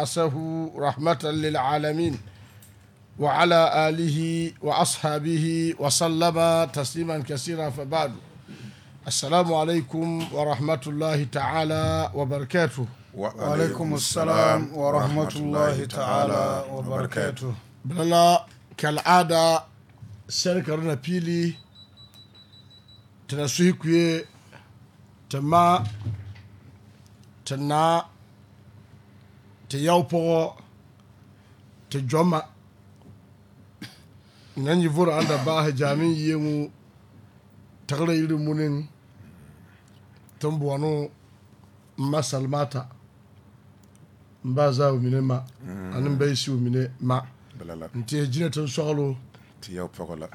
بعثه رحمة للعالمين وعلى آله وأصحابه وسلم تسليما كثيرا فبعد السلام عليكم ورحمة الله تعالى وبركاته وعليكم السلام ورحمة الله تعالى وبركاته بلا كالعادة سيركرنا بيلي تنسوهكوية تما تنا te yao pʋgɔ tɩ jɔma nan yi vura anda baasɛ jaamin ŋu tagra yiri munin tɩn bɔnu n ma salmata n baa zaa mine ma mm. ani n shi siu mine ma n tɩ ya jina tɩn sɔglo yanu yaw pɔgɔ la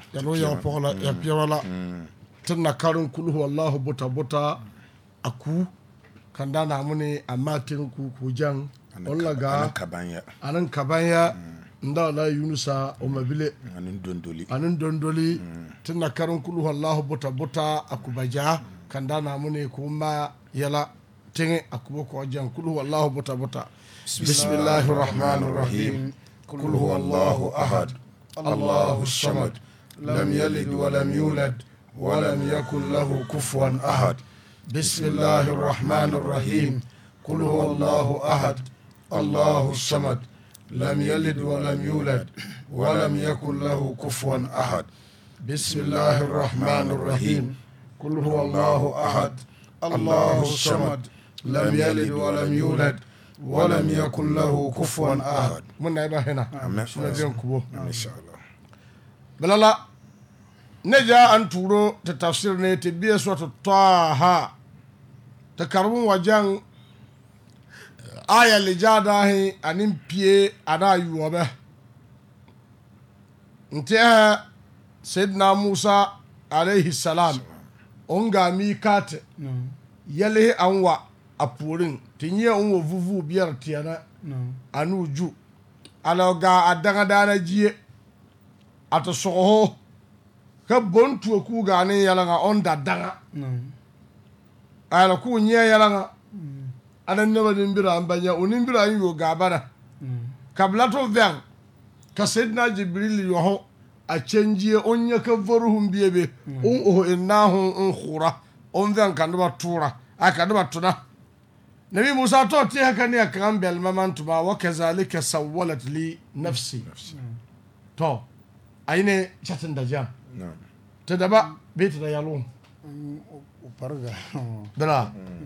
ya pɛra la mm. mm. tɩn na karin kulhu wallahu buta buta a kuu kan da namuni amma tɩn kuu k'u jaŋ olaga anan kabanya nda wala yunusa omabile anin dondoli anin dondoli mm. tinna karon kulu wallahu buta buta akubaja kanda na mune kuma yala tinge akubo ko jan kulu wallahu buta buta bismillahir rahmanir rahim kul huwallahu ahad allahu samad lam yalid wa lam yulad wa lam yakul lahu kufuwan ahad bismillahir rahmanir rahim kul huwallahu ahad الله الصمد لم يلد ولم يولد ولم يكن له كفوا أحد بسم الله الرحمن الرحيم قل هو الله أحد الله الصمد لم يلد ولم يولد ولم يكن له كفوا أحد من هنا هنا إن شاء الله بلالا نجا أن تورو تتفسير نتبيه سورة الطه تكرم وجان ayɛ legya adan he ane mpie anaa yuwɔbɛ nti ɛhɛ sedina musa alayhi salam onga mi mikate yɛlihi an wa a puorin ti nyɛ on vuvu biyar tiyana anu ju ala ga a daga dana jie a ta ka bon tuwa ku ga ne yɛlɛŋa on da daga ala ku nyɛ yɛlɛŋa ana nema nimbira ambanya unimbira yin yo gabana kabla to vyan ka sayyidina jibril yo ho a cenjie on ya ka voruhum biye be on o inna hu on khura on vyan kan ba tura a kan ba tuna nabi musa to ti haka ne kan bel mamantuma wa kazalika sawwalat li nafsi to aine chatin da jam ta daba beta da yalon dala mm,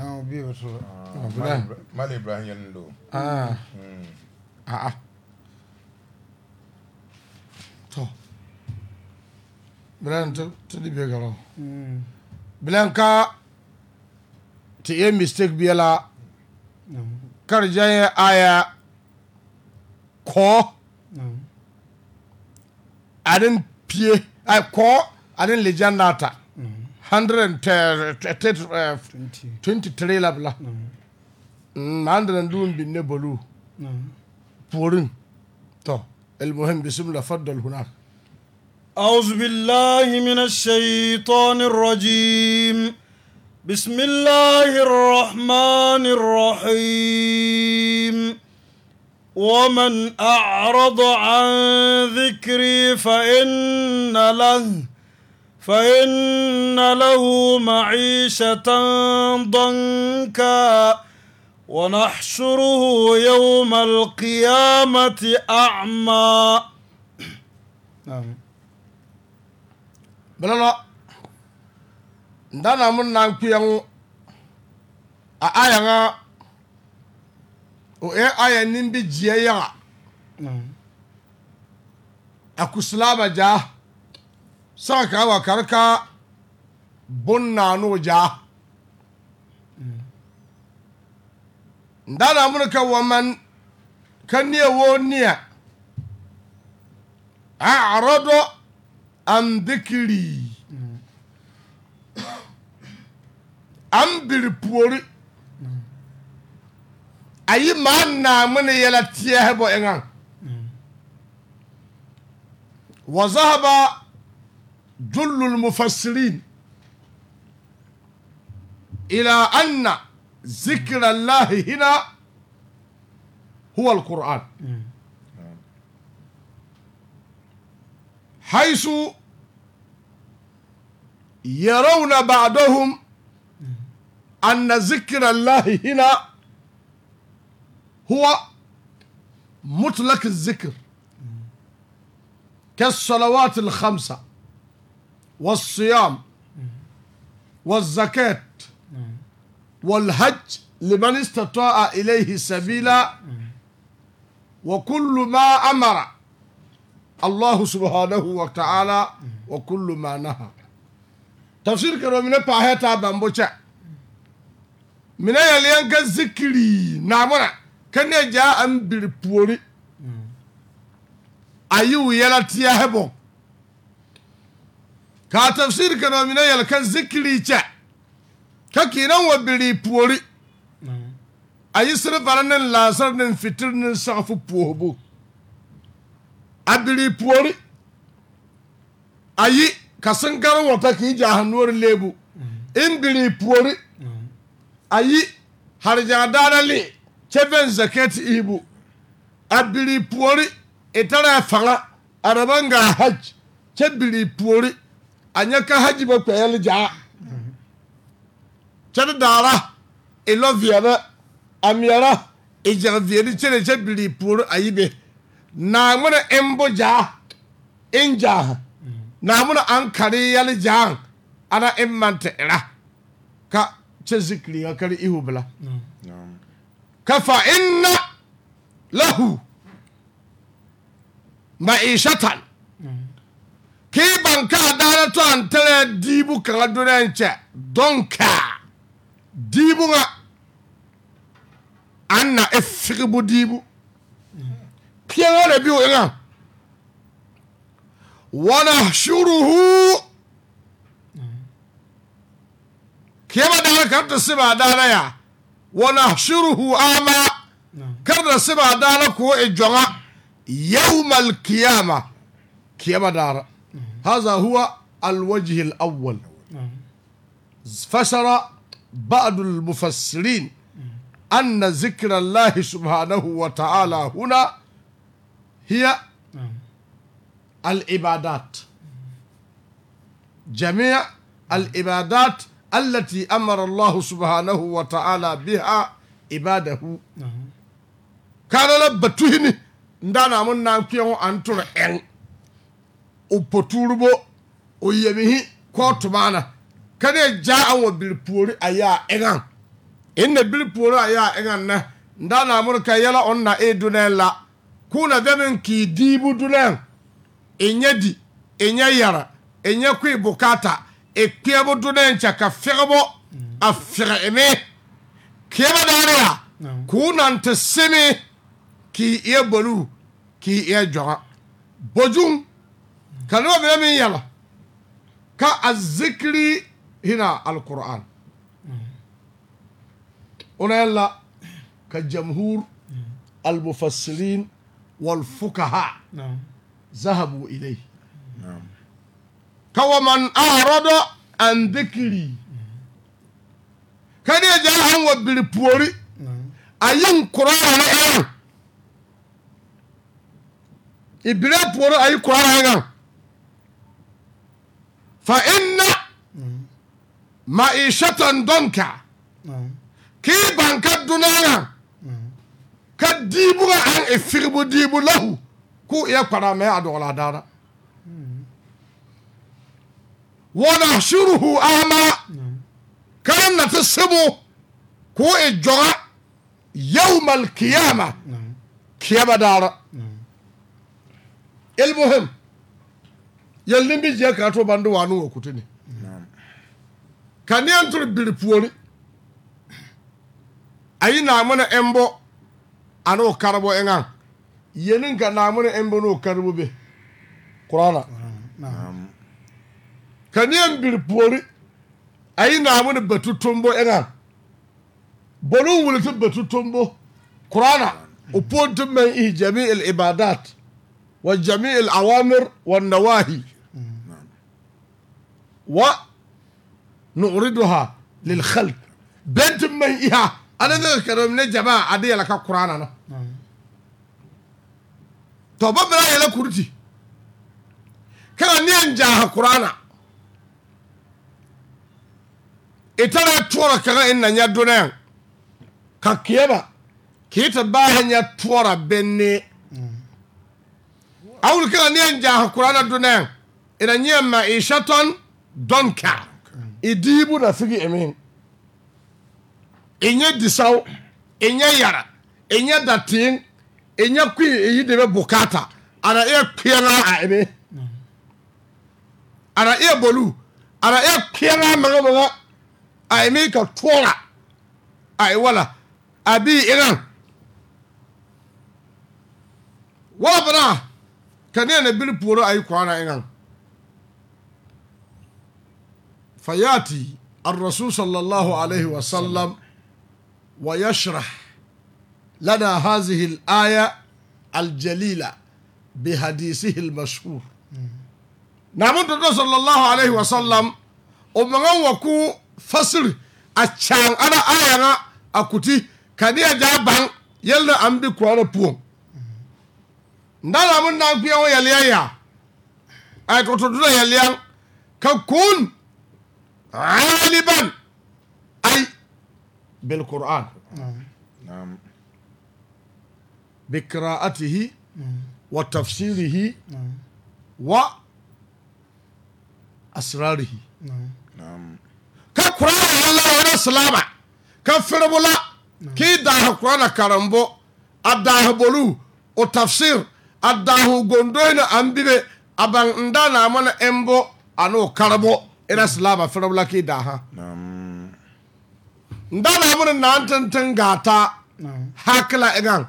àwọn òbí ò sọ ọ̀bùnà. má lè Ibrahim yẹn lò. Ah. Hmm. Ah, ah. tọ́ Ibrahim tó di bẹ́ẹ̀ gàrọ̀. Ibrahim ka ti ye mistake biyɛ la karijan ye aya kɔɔ ani pie ayi kɔɔ ani lejan n'a ta. 123 uh, uh, la bila andra ndun bin ne bolu puorin to المهم بسم الله فضل هناك أعوذ بالله من الشيطان الرجيم بسم الله الرحمن الرحيم ومن أعرض عن ذكري فإن له فإن له معيشة ضنكا ونحشره يوم القيامة أعمى نعم بللا ndana mun nan kuyan a aya nga o e aya nimbi jiya ya akuslaba ja saka wa karka bonna noja ndana murka waman kaniya wo niya a'rado an dikiri an biri puori ayi maa naamu yala yɛla tiɛhibɔ eŋaŋ mm. wa zahaba جل المفسرين إلى أن ذكر الله هنا هو القرآن حيث يرون بعضهم أن ذكر الله هنا هو مطلق الذكر كالصلوات الخمسة والصيام والزكاة والحج لمن استطاع إليه سبيلا وكل ما أمر الله سبحانه وتعالى وكل ما نهى تفسير كرو من باهتا بامبوچا من يليان كذكري نامنا كن جاء أم بوري أيو يلا تيهبون ka tafsir ka no mina yel kan zikri cha ka kinan wa biri puori ayi sir faranin lasar nin fitir nin safu puobu a puori ayi ka sun wata ki ja lebu in biri puori ayi har dadali chefen zaket ibu a puori itara fanga araban ga hajj che biri puori anyɛ ka hagye bɛ kpɛɛ no gyaa kyɛ de daara elɔ veɛrɛ ameɛrɛ egyɛn veɛrɛ kyɛ de kyɛ biri puori ayi be naa ŋmene en gyaa en gyaa naa ŋmene an kare gyaa ana en man te era ka kyɛ zikiri ka kare ihu bila ka fa inna lahu ma'ishatan e k'i ban k'a daana to an tɛlɛ diibu kaŋa dunɛn cɛ donka diibu ŋa an na e figibu diibu piɛŋɔ le bi o eŋa wanahshuruhu kiyama daana kar da siba daana ya wanahshuruhu ama kar da siba daana ko e jɔŋa yawma alkiyama kiyama daana هذا هو الوجه الأول فسر بعض المفسرين أن ذكر الله سبحانه وتعالى هنا هي العبادات جميع العبادات التي أمر الله سبحانه وتعالى بها عباده نعم. كان لبتوهني ndana من نام kiyon أنتر o oyemihi kootu maana ka ne gyaa an wa bili puori a yaa in na bili puori a yaa eŋaŋ ne ndaa naamuru ka yɛlɛ on na e dunɛɛŋ la kuu na dɛmeŋ kii diibu dunɛɛŋ e nyɛ di e nyɛ yɛrɛ e nyɛ kui bukata e kpeɛbu dunɛɛŋ kyɛ ka fɛgebo a fɛgɛ eme kpeɛbo daare a kuu naŋ te semi كانوا من من يلا كالذكر هنا القرآن هنا يلا كجمهور المفسرين والفقهاء نعم. ذهبوا إليه نعم كومن أعرض عن ذكري كان يجعلهم وبالبوري نعم. أين قرآن أين إبرا بوري أي قرآن أين فإن معيشة دونك نعم. كي بانك الدنيا كديبو عن إفربو ديبو له كو يقرأ ما يعدو على دارا ونحشره أعمى نعم. كان في السمو كو إجراء يوم القيامة كيما نعم. دارا المهم yɛlene bi gyeɛ ka to ba no wɔ koto ni kanea ntoro biri puori ayi naamuna ɛmbɔ ane o karibɔ eŋaŋ yeni ka naamuna ɛmbɔ ne o karibɔ be kurana kanea biri puori ayi naamuna batu tombo eŋaŋ bɔnu wuli ti batu tombo kurana o puoni ti mɛn ihi jami'il ibadat wa jami'il awamir wa nawahi. ونعرضها للخلق بنت يا أنا ذكر من الجماعة عدي لك القرآن أنا توبة نعم. بلا يلا كورتي كان نينجاها القرآن إتلا تورا كان إن نيادونا كاكيبا كيتا باها يتورا بني نعم. أول كان نينجاها القرآن دونا إنا نيما إيشاتون dɔnka idiibu na sigi emin enye disaw enye yara enye datin enye kui eyi de bɛ bukata ara e kpeɛra a eme ara e bolu ara e kpeɛra maŋa maŋa a eme ka tɔɔra a e wala a bi iran wala bana ka ne na biri puoro a yi kɔɔra iran. fayati الرسول صلى الله عليه وسلم ويشرح لنا هذه الآية الجليلة بحديثه المشهور نعمد صلى الله عليه وسلم ومن وكو فسر أتشان أنا آية أكوتي كان يجابان يلا أمدي كوانا بوم نعمد نعمد نعمد يليا أي كتبتنا يليا ككون غالبا أي بالقرآن نعم بقراءته وتفسيره وأسراره نعم كقرآن الله ولا سلامة كفربلا كي داه قرآن كرمبو أداه بلو وتفسير أداه قندوين أمبيبي أبان ندانا من أمبو أنو كربو ina silaba firabla ki da ha nda na mun na tantan gata hakla igan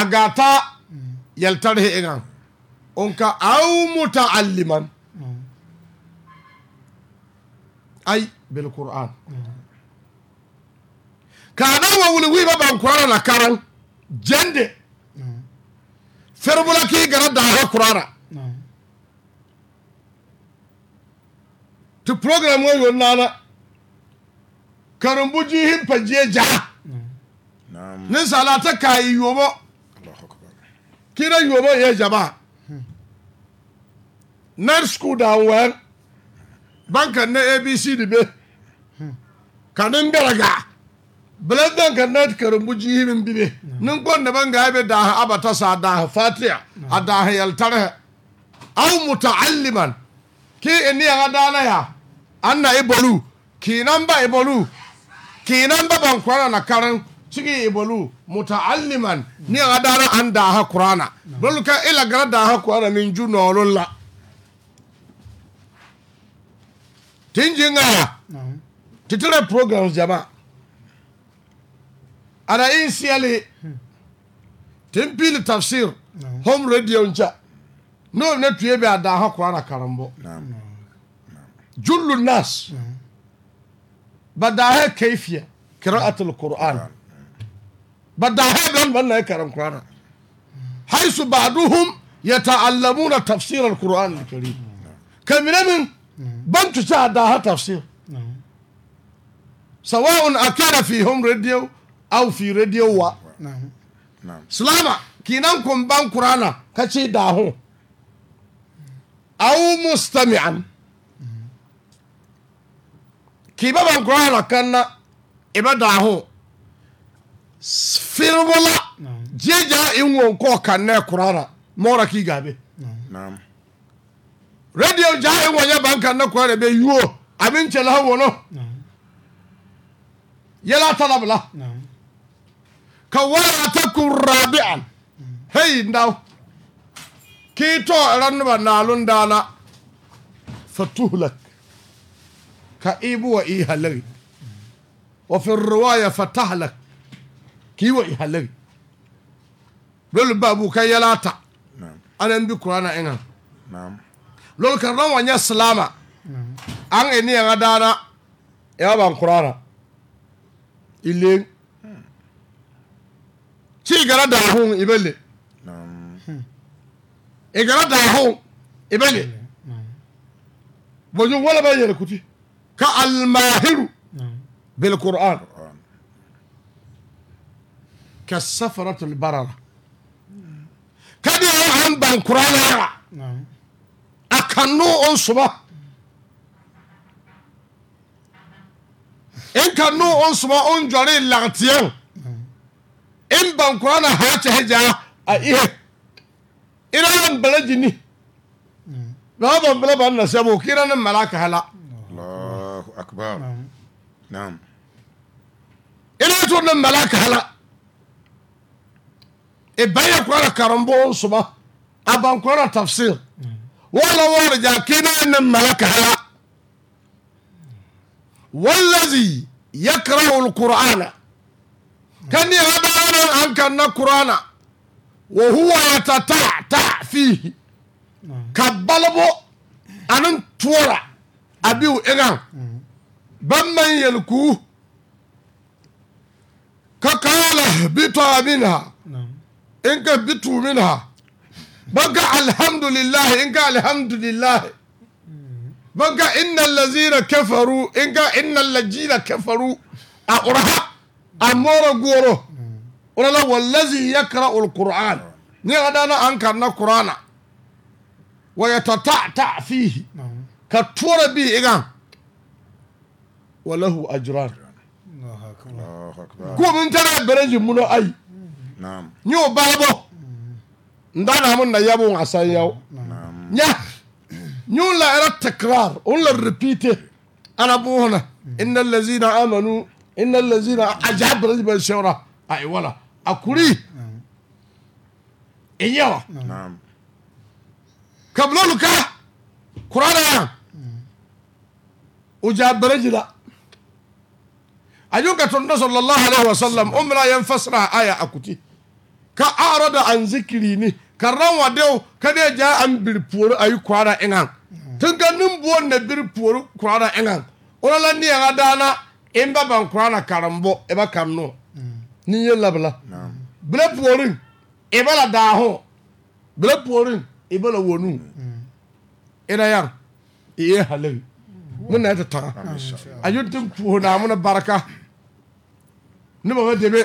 agata yaltarhe igan onka aw muta'alliman ay bil qur'an kana wa wulwi ba ban kwara na karan jende firbula ki gara da ha qur'ana tɩ program wã yonnaana karimbu jiihin pa jie jaha ninsaala ata kaa i yobo kina yobo yɛ jamaa nar school daa wɛɛr ban ka na abc di be ka nimbɛra gaa bilan dan ka na karimbu jiihi min bibe ninkpɔn da ban gaa be da abata saa daahi fatiha a daahi yɛltarihi aw mutaalliman k'i e niyaŋa daana yaa anna ibolu kinan ba ibolu kinan ba ban kwana na karan cigi ibolu muta'alliman ni a dara an da ha qur'ana bolu ila gara da ha qur'ana min ju nololla tinjinga titire programs jama ana insiali timpili tafsir home radio ncha no ne tuye bi ada ha qur'ana karambo جل الناس بدها كيفية قراءة القرآن بداها دم الله يكرم القرآن حيث بعضهم يتعلمون تفسير القرآن الكريم كم من بنت سعدها تفسير سواء أكان فيهم راديو أو في راديو وا سلامة كينام كم بان قرآن كشي داهو أو مستمعا kibaba gorana kanna ibe da ho firbola jeja inwo nko kanne kurara mora ki gabe naam radio ja inwo ya banka na kurara be yuo amin chela ho no yela talabla naam ka taku rabi'an mm. hey ndaw kito ranba nalun dala fatuhlak ka ibu wa i halari wa fi ruwaya fatahlak ki wa i halari lol babu kan yalata anan bi qur'ana enga lol kan ran wanya salama an eni yanga dana ya ban qur'ana ile hmm. ci gara da hun ibele igara e wala kuti كالماهر نعم. بالقرآن كالسفرة البررة كده عن بنكرانا نعم. أكنو أنصبه إن كنو أنصبه جري لغتيان نعم. إن بنكرانا هات هجا أيه إيران بلجني لا أنبلبنا كيران نملاك هلا akbar na'am ina to nan malaka hala e baya kwara karambo suba aban kwara tafsir wala wala ja kina nan malaka hala wallazi yakrahu alqur'ana kan ya bana an kan na qur'ana wa huwa yatata fihi kabbalbo anan tuwara abiu egan ban man yalku ka kala bitu ka bitu minha banka alhamdulillah in ka banka inna allazina kafaru in ka inna allazina amora goro wala wallazi yakra alquran ni adana an karna qurana wa yatata'ta fihi ka tura bi igan وله أجران الله أكبر الله أكبر كو من برنج منو أي نعم نيو بابو ندانا من نيابو عسان يو نعم نعم نيو لا إرى التكرار ولا الريبيت أنا بوهنا إن الذين آمنوا إن الذين أجاب برنج بالشورة أي ولا أكوري إيوا نعم قبلولك قرانا وجاب برنج لا ajuka tonto sallallahu alaihi wasallam umra yan fasra aya akuti ka arada an zikiri ni karran wa dew ne ja an bir ayi kwara engan tun ka nin buon na bir kwara engan ona ni yanga dana in ba ban kwara karambo e ba kamno ni ye labla bla puorin e ba la da ho bla puorin e ba la wonu ina yan e halin mun na ta ta ayun tun puo na mun baraka ne ma dɛmɛ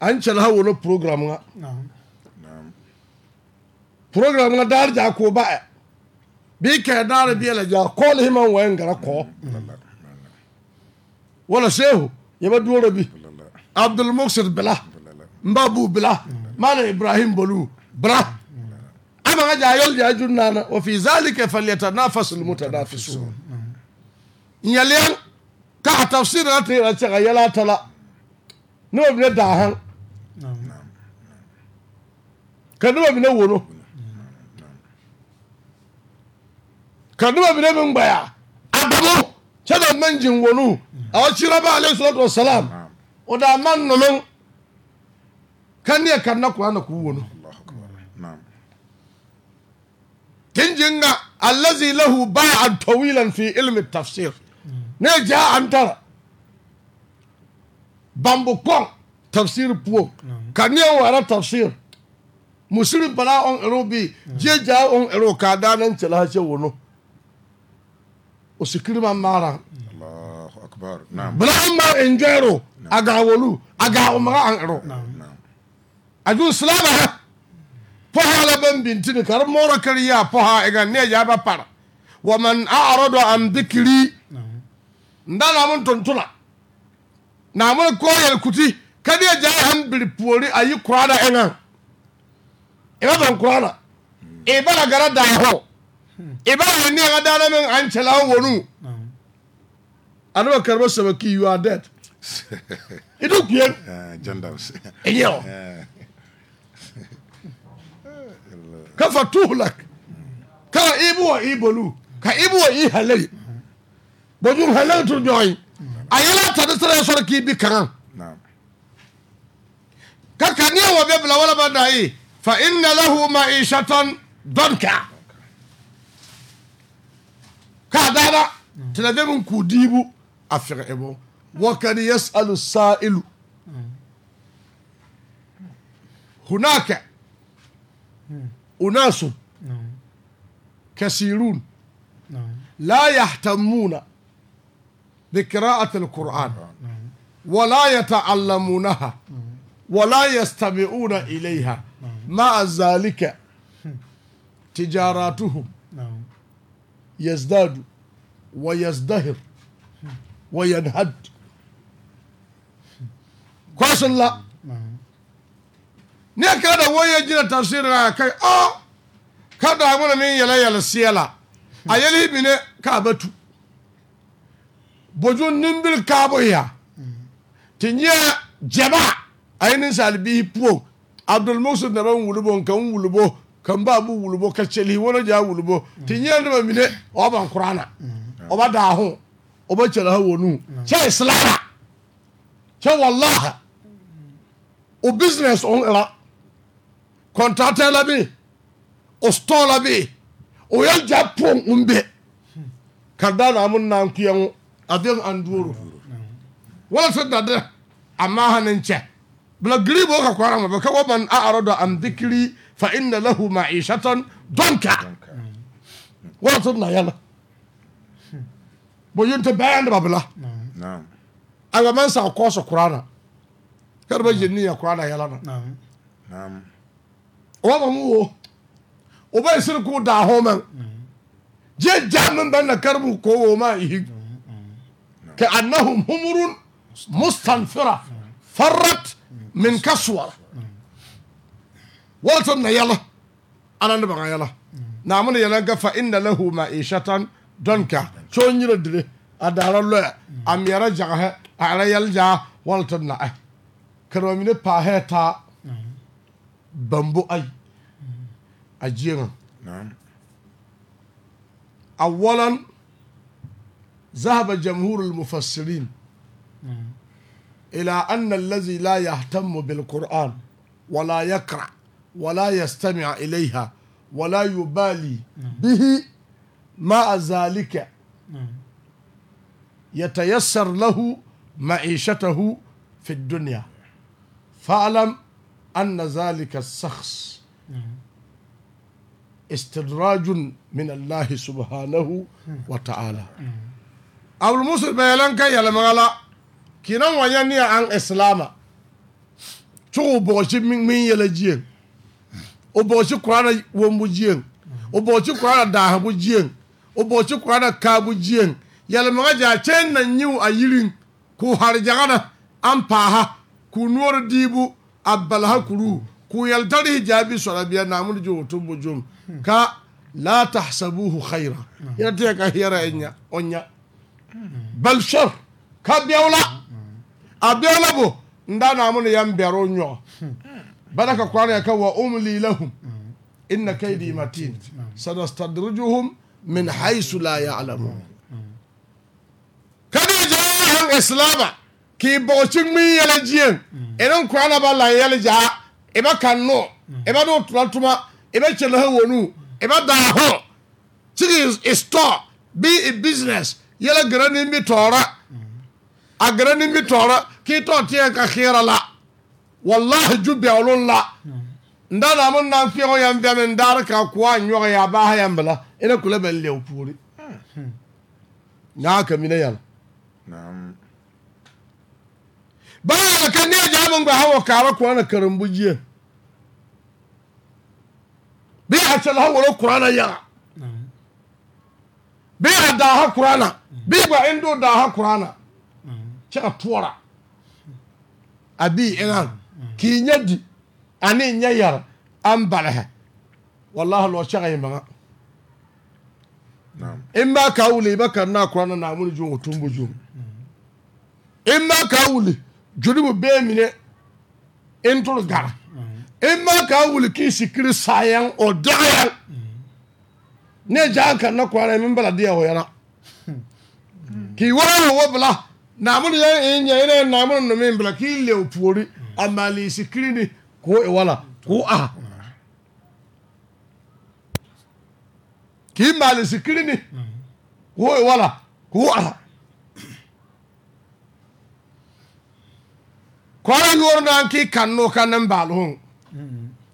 an cɛla ha wolo program ŋa program ŋa daar jaa ko ba ɛ bii kɛɛ daar bie la jaa kɔɔli hi man wɛn gara kɔɔ wala sehu yɛba duoro bi abdul muksir bila mbabu bila mana ibrahim bolu bila ama ŋa jaa yɔl jaa jun naana wa fi zalika falyatanafasu lmutanafisun nyaliyaŋ ka a tafsir na tɛ yɛlɛ cɛ ka yɛlɛ a ta la noba mine daa haŋ ka noba mine wono ka noba mine meŋ gbaya a dogo kyɛ da maŋ gyiŋ wono a wa kyerɛ ba alayhi salatu wasalaam o daa maŋ noloŋ ka neɛ kan na kɔɔ na k'o wono tin gyiŋ ŋa allazi lahu ba'an tawilan fi ilmi tafsir ne gyaa antara bambu kɔŋ tafsiri poɔ hmm. ka neɛ waara tafsiri musiri bala ɔn ero bi hmm. jie gyaa ɔn ero kaa daa naŋ kyɛlɛ ha kyɛ wono o sikiri ma maara bala an ma enjɔyero a gaa wolu a gaa o maga an ero a ju silama ha la ban bintini kari mɔɔrɔ kari yi a pɔhaa eŋa neɛ yaa ba para wa man a an dikiri nda na mo ntontona na mo ko yel kuti kadi ja han biri puori ayi kurada enga ina ban kurada e bala gara da ho e bala ni ga da na men an chela wonu anu karbo sabaki you are dead idu kien ah, jandals eyo ah. kafa tuhlak ka ibu wa Ibolu. ka ibu wa ihalali bojum hɛlɛ tu ɲɔgɔn a yɛlɛ tani sira sɔrɔ k'i bi kan ka kaniya wa bɛ bila walama na ye fa inna lahu ma'ishatan danka k'a dara tɛnɛdɛ min k'u diibu a fɛgɛ e bɔ wa kad yas'alu sa'ilu hunaka unasu kasirun la yahtamuna بقراءة القرآن ولا يتعلمونها ولا يستمعون إليها مع ذلك تجاراتهم يزداد ويزدهر وينهد كويس الله ne kada waye jina tafsirin a kai a kada mana ne yala yala siyala a yali bi ne ka batu bozu nimbili kaabo ya ti nyɛ jɛba a ye ninsaalibihi Abdul abdulmusud na ba wulubo nka n wulubo ka n baa mu wulubo ka cɛlihi wolo jaa wulubo ti nyɛ noba mine o ban kurana o ba daahu o ba cɛlaha wonu kyɛ islama kyɛ wallaha o business on la kɔntatɛ la bi o store la bi o yɛ ja poɔ n bɛ ka daa naamu naan kuyɛ ŋo adem anduro wala so dada amma hanin ce bla gribo ka kwara ma baka waman a'rada an dhikri fa inna lahu ma'ishatan donka wala so na yala bo yunta bayan da bla na'am aga man sa ko so qur'ana kar ba jinni ya qur'ana yala na na'am na'am wa mu wo o bai sirku da homan je jamin ban na karbu ko wo ma ihig كأنهم همر مستنفرة فرت من كسورة ولتن يلا أنا نبغى يلا نعمل يلا قفا إن له معيشة دنكا شون يردري أدار الله أم يرجعها على يلجا ولتن نعه أه، كرومين باهتا بمبو أي أجيغن نعم. أولا ذهب جمهور المفسرين نعم. إلى أن الذي لا يهتم بالقرآن ولا يقرأ ولا يستمع إليها ولا يبالي نعم. به مع ذلك نعم. يتيسر له معيشته في الدنيا فاعلم أن ذلك الشخص استدراج من الله سبحانه وتعالى abulmusul ɓeelen ka yɛlemaga la kinan wanya nyɛ neɛ an islaama kyɛ bɔgɔsi min yɛlɛ jieŋ o bɔgɔsi kurana wombu jieŋ o bɔgɔsi kurana daahabu jieŋ o bɔgɔsi kurana kaabu jieŋ yɛlemaga gyaa kyɛn na nyiw a yiriŋ k'o harjagana an paaha k'o nuwari diibu a balaha kuru, k'o yɛltarihi jaabi sɔra bia naamudu jo o tumbu jom ka la tahsabuhu khayra yɛrɛ tɛ ka hɛrɛ e o ɲa balshar ka biawla a biawla bo nda na mun yan biaro nyo baraka kwana ka wa umli lahum inna kaydi matin sanastadrijuhum min haythu la ya'lamun kada jahan islama ki bɔgɔci ŋmin yɛlɛ jiyɛn ina kura na ba lan yɛlɛ jaa i e ba kan i e ba n'o tuma tuma e ba kyɛlɛ wonu i ba daa hɔ sigi i store be a business yɛlɛ gɛrɛ ni a gɛrɛ ni bi tɔɔrɔ k'i tɔ tiɲɛ ka hɛrɛ la walahi ju bɛ olu la n da na mun na fiɲɛ yan fɛn min daari ka kuwa a ba ha yɛn bila e ne kule bɛ n o puuri nyaa ka mine yɛlɛ baa ka ne jaa mun gbɛ ha wa kaara kuwa na karimbu jie bi a kyɛlɛ ha wɔlɔ kuraa na yaga bia daa ha korana biba indo daa ha korana kyɛ a toɔra a bii eŋaŋ kii nyɛ di ane nyɛ yɛre aŋ balɛhɛ wallahi lɔ kyɛga yɛ maŋa in ma ka wuli i ba kari naa korana naamuni juŋ o tumbu juŋ in ma ka wuli jodibu bee mine in turu gara in ma ka wuli kii sikiri saayɛŋ o dɔgɔyɛŋ ne jaan kanna kuranai min bala diya hoyana ki wara wo bala naamuru yɛ nyɛ yɛrɛ naamuru nu min bala k'i lew puori a maali sikiri k'o e wala k'o a k'i maali sikiri ni k'o e wala k'o a kɔrɔ yɔrɔ naa k'i e kanu ka nan baalu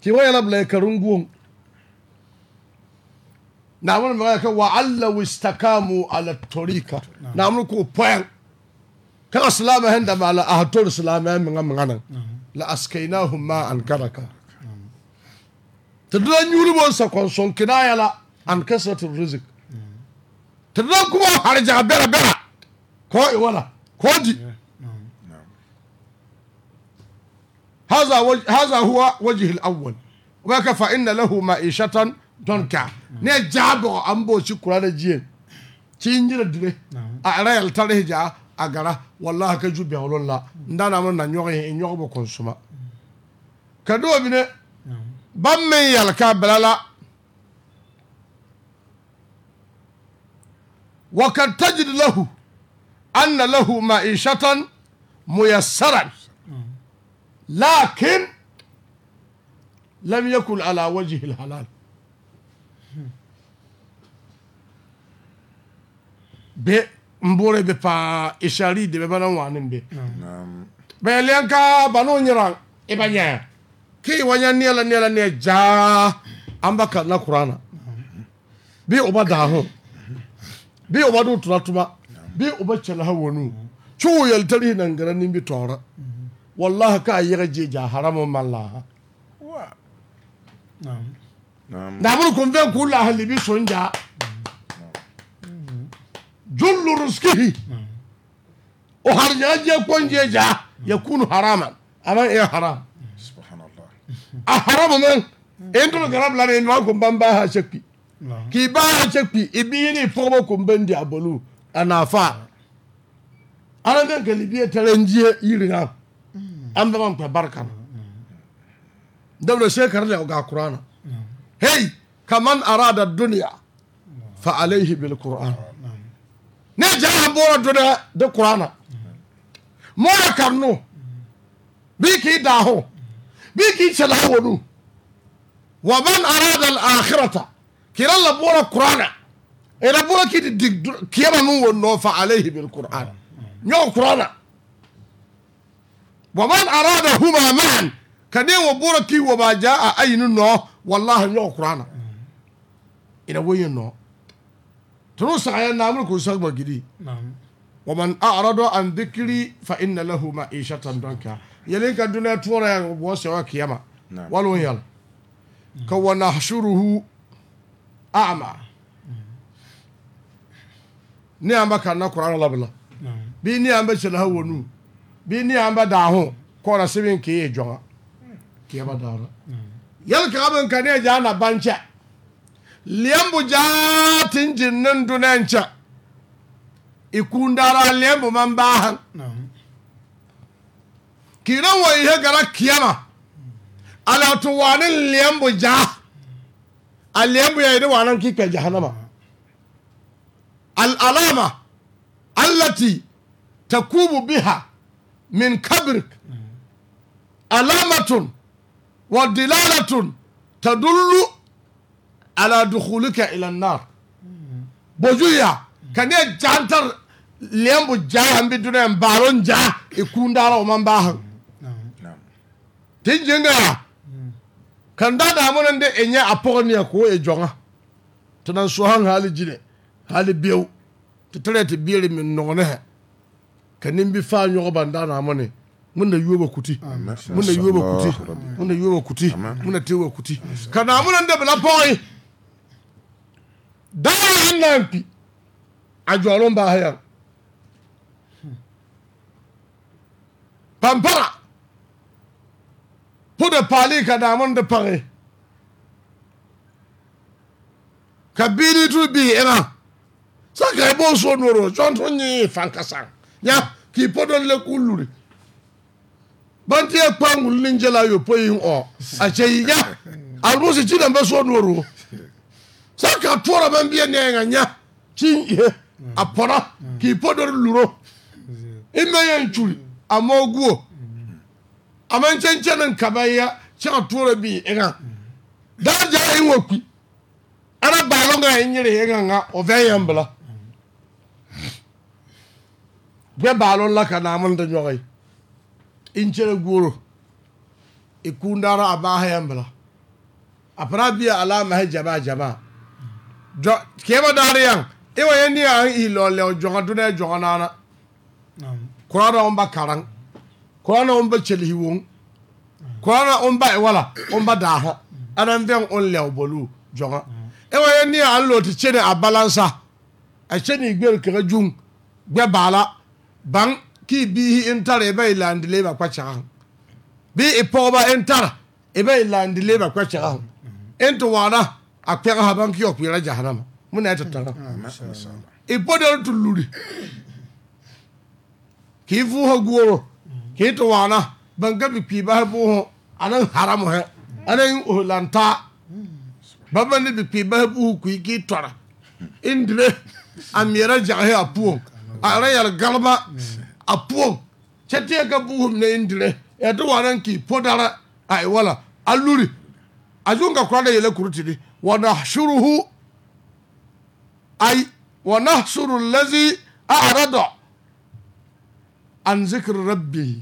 k'i wa yana bila i e karunguŋ. Namun wani magana kan wa Allah wistakamu ala torika na mun ko poyan kan aslama hen da mala a hator aslama hen mun la askainahum ma an karaka tadran yuri bon sa kon son kinaya la an kasratu rizq tadran kuma harja bera bera ko wala ko di هذا هذا هو وجه الأول وكفى إن له معيشة donka ne jabo ambo shi b'o kura da jiye ci jira dire a rayal yɛlɛ tari a gara wallahi ka jubi bɛn ndana mun na ma na ɲɔgɔn bo konsuma bɛ ka dɔw bi ne ban min yɛlɛ k'a bɛlɛ wa ka tajid lahu an na lahu ma'ishatan muyassaran lakin lam yakul ala wajhi alhalal be mbore bɛ paa ishari de be bana wanin be be lenka banu nyira ibanya e ki wanya niela niela ne ja ambaka na qur'ana bi ba da ho bi o ba oba tura tuma bi o oba chala hawonu chu yel tari na garan ni bi tora walahi ka yɛrɛ je ja ma malla wa na'am na'am da bur kun ben kula halibi sonja ruskihi och hade jag gett konjeja yakunu haraman aman är haram subhanallah a haram men ändå garab la en wan kumban ba ha shakpi ki ba ha shakpi ibini e fogo kumban di abolu anafa ana den ke libiye tarenjie yirina an bama kpɛ barka na dabla shekar le ga qur'ana hey kaman arada dunya fa alayhi bil qur'an ne jaha boro dona de kurana mora karno bi ki daho bi ki chala wonu wa man arada al akhirata kiralla boro kurana ila boro ki dig kiyama nu wonno fa alayhi bil qur'an nyo kurana wa man arada huma man kade wo boro ki wo ba jaa ayinu no wallahi nyo kurana ina woyin no tunu sayan na mulku sa magidi wa man a'rada an dhikri fa inna lahu ma'ishatan danka yalin ka duniya tuwara ya bo sewa kiyama walun yal ka wa nahshuruhu a'ma ni amba kan na qur'an labla bi ni amba shela hawonu bi ni amba da ho kora sibin ke ye jonga kiyama da dara yal ka ban kan ne ja na bancha liembu jaa tin jinnin dunen cha ikundara liembu man bahan kiran wa ihe gara kiyama ala tuwanin liembu ja. a liembu ya yi wanan kika jahannama al'alama allati takubu biha min kabrik alamatun wa dilalatun tadullu ala dukhulika ila nar bojuya kane jantar lembu jahan bi dunen baron ja e kundara o man bahan tin jinga kan da da mun de enye apogniya ko e jonga tunan so han hali jine hali biyu tutare ti biri min nongne he kanin bi fa nyogo banda na mun da yuwa kuti muna yuwa kuti muna yuwa kuti muna tewa kuti kana mun da bla poi dawa nnampi adwɔro mbaa ya pampara pude paali ka daamun de pagi ka biiri tu bii ina saka i b'o so noro jɔnto nyi fankasan nya k'i podon le k'u luri bantiɛ kpangul ni njɛla yopoyin ɔ a cɛ yi nya alimusi ci dan bɛ so noro. saka ka ban bɛn ne nɛɛ ŋa nyɛ ye mm. a mm. k'i podor luro i ye yɛn curi a mɔ guo a man cɛn ni ya cɛn a bi e mm. da ja jaa e ara ba ana baalo ŋa e nyere o ve ŋa o fɛn ba bila baalo la ka mun da ɲɔgɔn in chere cɛrɛ guoro i e kun daara a baaha yɛn bila a bi a ala mahɛ jaba jaba. kiyama daari yaŋ iwa ye ni yaŋ i lɔlɛ o jɔŋa dunɛ jɔŋa naana kurana on ba karaŋ kurana on ba kyelihi woŋ kurana on ba wala on ba daaha anaŋ veŋ on lɛ o bolu jɔŋa iwa ye ni yaŋ lɔ ti kyene a balansa a kyene i gbɛre kaŋa juŋ gbɛ baala baŋ ki i biihi in tara i ba i laandilee ba kpakyagaŋ bii i pɔgeba in tara i ba i laandilee ba kpakyaŋaŋ in te waana akpɛga ha ban kiyɔ kpeɛra jahanama mun na yɛ tattara i bɔdɛri tu luri k'i fuu ha guoro k'i tu waana ban ka bi kpii bahi buuhu anan haramu hɛ anan ohulantaa ba ban ni bi kpii bahi buuhu kui k'i tɔra in dire a mɛra jagahi a puon a yɛrɛ yɛrɛ galima a puon kyɛ teɛ ka buuhu mine in dire tu waanan k'i podara a e wala a luri a zun ka kura da yɛlɛ kuru tiri ونحشره أي ونحشر الذي أعرض عن ذكر ربي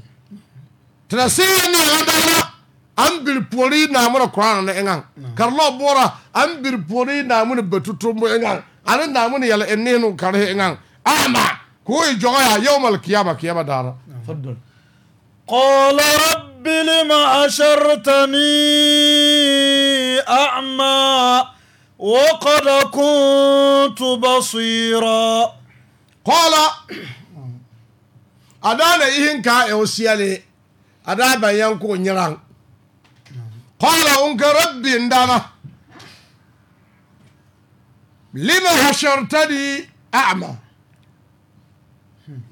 تنسيني غدانا أم بالبوري نامنا قرآن لإنان نعم. كارلو بورا أم بالبوري نامنا بتوتومو إنان أنا نامنا يلا إنينو كاره إنان أما كوي جوايا يوم القيامة كيامة دارا تفضل نعم. قال رب رب لم أشرتني أعمى وقد كنت بصيرا قال أدانا إهنكا أوسيالي أدابا ينكو نيران قال أنك ربي اندانا لم حشرتني أعمى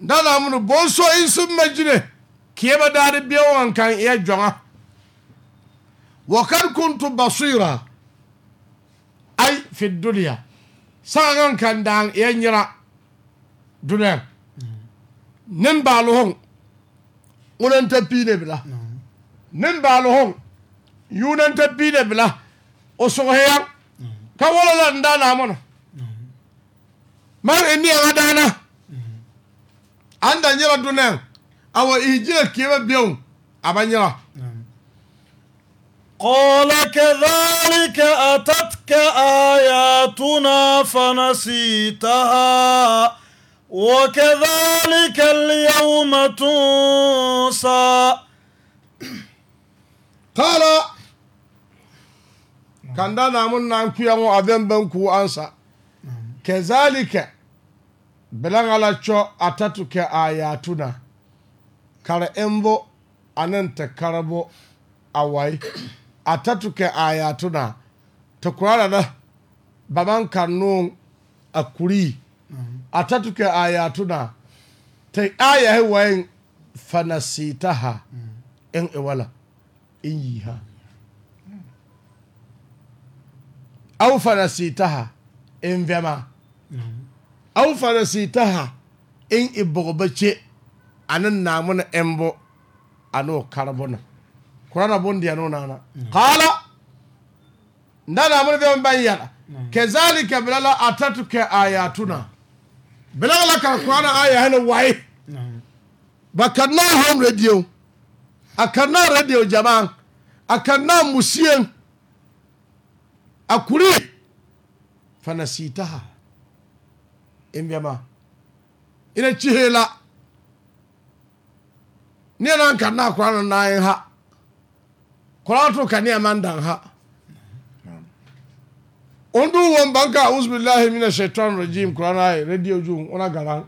ndana mun bonso in sun majine kieba daadi biɛŋ wan kan eɛ jɔŋa wakad kuntu basira ai fi dunia saga ŋan kan daaŋ eɛ nyira dunia nembaalohoŋ ŋunaŋ ta piine bila nembaalohoŋ yuunaŋ ta piine bila o sugeheyaŋ ka wala la n daa naamono man e niaŋa daana an da nyira dunia awɔ ihijina kiyama biɛŋ a ba nyɛla قال كذلك أتتك آياتنا فنسيتها وكذلك اليوم تنسى قال كان دانا من نانكو يمو أذن بنكو أنسى كذلك بلغ لك أتتك آياتنا kara embo ta karabo awai atatuke ayatuna tukurana na baman kanun akuri atatuke ayatuna ta aya hewayin fanasitaha in mm. iwala in yi ha mm. aw fanasitaha in vema mm. aw fanasitaha in ibogbace ane naamu ne embo ane o karebo na kurana bondiya ne o naana kaala mm. nda naamu ne fɛn ban yɛra mm. kazalika bilala atatu kɛ ayatuna bilala la ka kurana aya hene waye mm. ba kanna home radio a kanna radio jaman a kanna musiyen a kuri fanasitaha in bɛma ina cihela nneɛma nka na akora no nan ha kora to ka nneɛma ndan ha ondu wɔn banka a usbillahi mina shaitan regime kora no ayɛ radio jum ona garan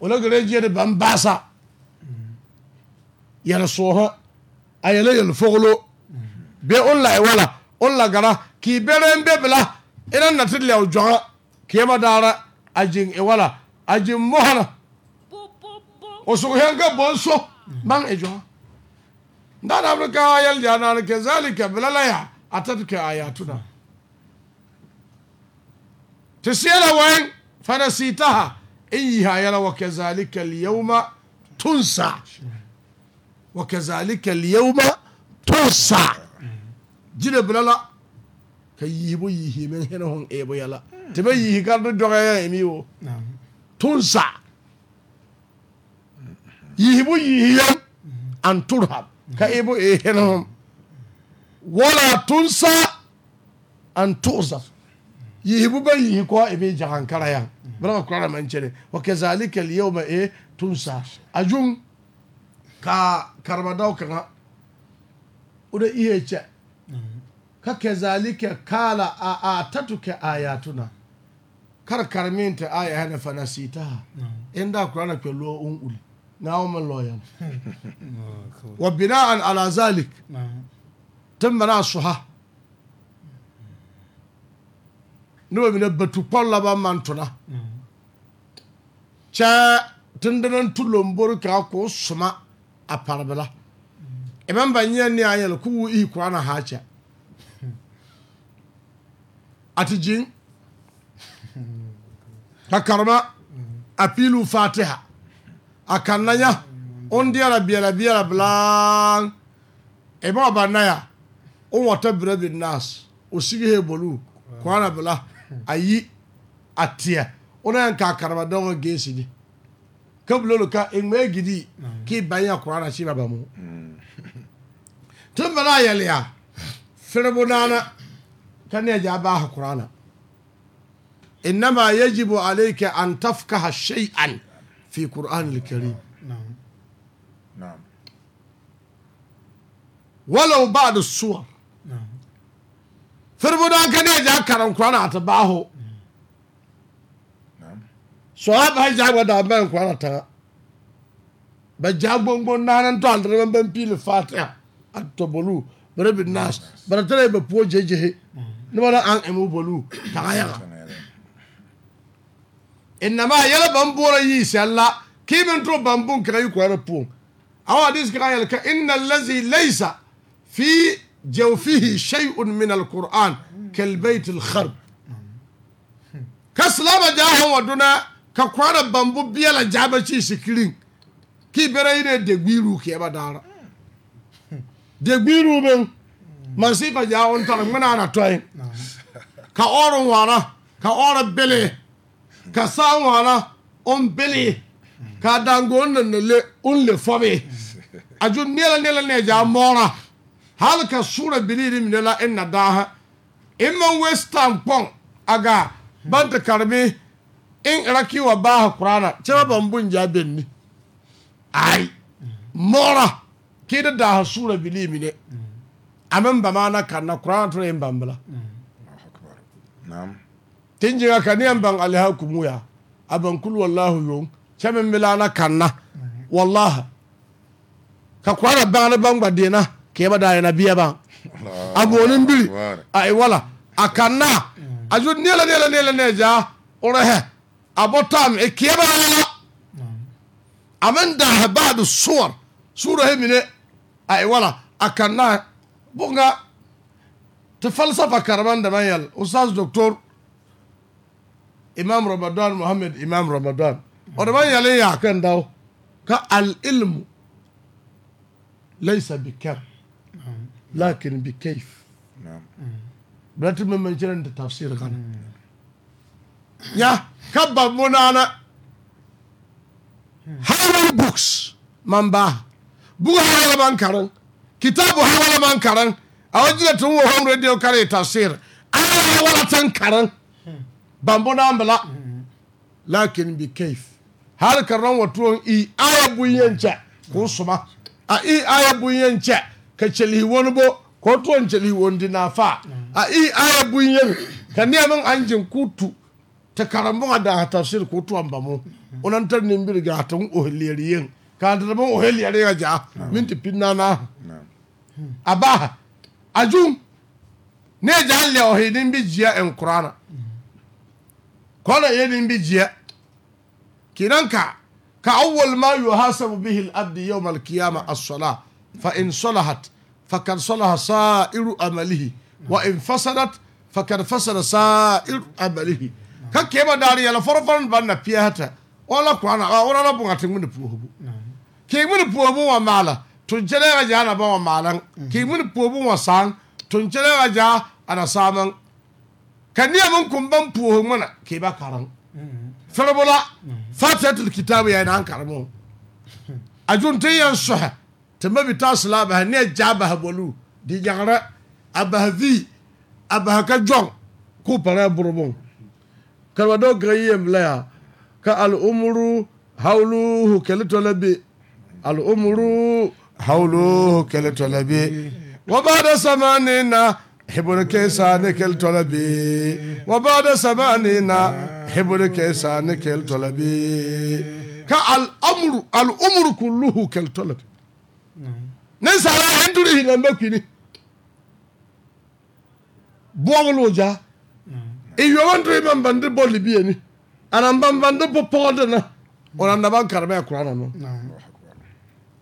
ona gara jie de ban baasa yɛre soɔ ho ayɛlɛ yɛle foglo be on la wala on la gara ki beren be bla ina natilla o jonga kiyama dara ajin e wala ajin mohana وسوغيانك بونسو من إجوا دان أبنك آيال ديانا كذلك بلاليا أتتك آياتنا تسيلا وين فنسيتها إيها يلا وكذلك اليوم تنسى وكذلك اليوم تنسى لا كي كييبو يهي من هنا هون إيبو يلا تبا يهي كان ردوغا يميو نعم. تنسى yihibu yihiyam an turham ka ibu ihinhum wala tunsa an tuza yihibu ba yihi ko ibi jahan karaya bana ko ra man chere wa kazalika al yawma e tunsa ajun ka karmadaw kan uda ihe ce ka kazalika kala a tatuke ayatuna karminta aya hana fanasita inda mm. qur'ana kullu unquli now I'm a lawyer وبناء على ذلك تم ناصها noba mine batukpɔl la ba maŋ tona kyɛ tende tu lombori kaŋa k'o soma a pare bela e mm. maŋ ba nyɛ ne a yɛlɛ k'o ihi kora na haa kyɛ a te gyiŋ ka karema mm. a piiluu faatiha A ya, akannaya on deɛra biɛla biɛla bilaan ima banaya on wata birɛ binnas o sigihe bolu kɔana bila ayi a teɛ ona yɛn kaa kareba dɔgɔ geesini ka bulolu ka eŋmɛɛ gidi k'i banya kɔana siba bamu tun bala yɛliya firibu naana ka ne neɛ gyaa baaha kɔana innama yajibu alayka an tafkaha shay'an في قرآن الكريم نعم نعم ولو بعض الصور نعم فربنا كان يجاكر القرآن أتبعه نعم صحاب هاي ودابين القرآن تا بجاب بونبون نانا تال رمبن بن بيل فاتحة أتبولو برب الناس نعم. برتلي ببوجه جهي نعم. نبغى أن أمو بولو تغير نعم. inama yɛla ban boora yi shɛlla kiimin to bambun kaŋa yi kɔhiri puum awa hadis kaŋa yɛli ka inna allazi laysa fi jawfihi shay'un min alquran kalbayt alkharb ka silama jaahan wa duna ka kɔhiri bambu biɛla jaaba ci sikirin kii bɛra yi ne degbiiruu kɛɛba daara degbiiruu meŋ mansi ka jaa on tara ŋmenaana tɔe ka ɔɔre waara ka ɔɔre bilee ka saa ŋwana on bili ka dango on nan le on le fobe aju nela nela ne ja mora hal ka sura biliri mine la en na daha in man waste time pon aga banta karmi in raki wa baha qur'ana cewa ban bun ja benni ai mora kida daha sura biliri mine amen bamana kanna qur'ana to en bambala Naam. tinjiga ka niyan ban aliha kumuya aban kul wallahu yong chamin milana kanna wallaha ka kwara bangana bangba dina ba biri a a kanna hmm. a ju nela e ba hmm. suwar a a kanna bunga ta falsafa karban da mayal imam ramadan muhammad imam ramadan ọ̀dọ̀ báyìí yàrá yà kàn dá o ka al-ilmu laysa bi kam lakin bi kayf bẹ́tí mi mẹ́rin kyerẹ́ ní tafsir kan ya ka ba munana. nana hawal books man ba buku hawal man karan kitabu hawal man karan a wajen tun wa hom radio kare tafsir an hawal tan karan. bambo na mbala mm. lakin bi kaif har karan wato i aya bunyan ce ko mm. suma a i aya bunyan ce ka celi wani bo ko tuwon celi wani dinafa fa mm. a i aya bunyan ka neman anjin kutu ta karambun a da tafsir ko tuwon bamu unan tar nimbir ga o oheliyariyin ka da ban oheliyariyin ga ja ti pinna na aba ajum ne jalle ya ohidin bi jiya en qur'ana kola yenin bi jiya kiranka ka awwal ma yuhasabu bihi al-abd yawm al-qiyama as-salah fa in salahat fakad salaha sa'iru amalihi wa in fasadat fasada sa'iru amalihi ka keba dari yala forfan piyata wala ah, wala la bunga ni puhobu kingu wa mala ga jana ba wa malan wa ga ja ana saman ka niyamin kumban puho mana ke ba karan firbula fatiyatul kitabu ya na karamu a jun tun yan soha tamba bi ta sula abaha ne ja ba bolu di jangara abahavi abahaka jong ko para burbun kalwa do gayi mlaya ka al umru hawluhu kalatolabi al umuru hawluhu kalatolabi wa ba'da samanina حبرك سانك الطلبي وبعد سمانينا حبرك سانك الطلبي كالأمر الأمر كله كالطلب ننسى على عندره لنبكني بوغلو جا إيوان دريمان بند بولي بيني أنا بند بوبودنا ona naban karmaya kurana no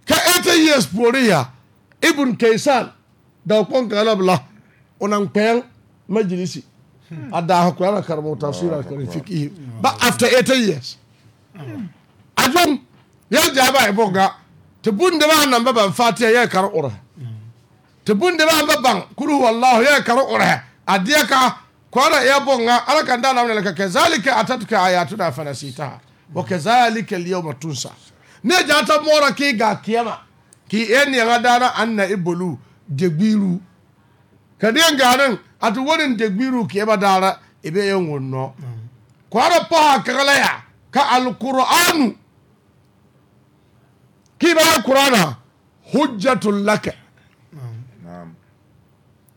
ka 80 years poriya ibn kaysan da kon kalabla unankpɛɛl majlisi a daaha qur'ana karamo tafsira kare fiqhi ba after 80 years hmm. ajum ya jaba e bonga te bunde ba nan ba ban fati ya kari ura hmm. te bunde ba ba ban kuru wallahu ya kar a adiya ka kwara ya bonga ala kan dana mun ka kazalika atatuka ayatuna fanasitaha wa kazalika ma tun sa ne jata mɔra ki ga kiyama ki en an na i bolu jegbiru kadien ganin ati wonin degbiru kiyeba dara ibe yen wonno kwara paha kagalaya ka alqur'anu kiba alqur'ana hujjatul laka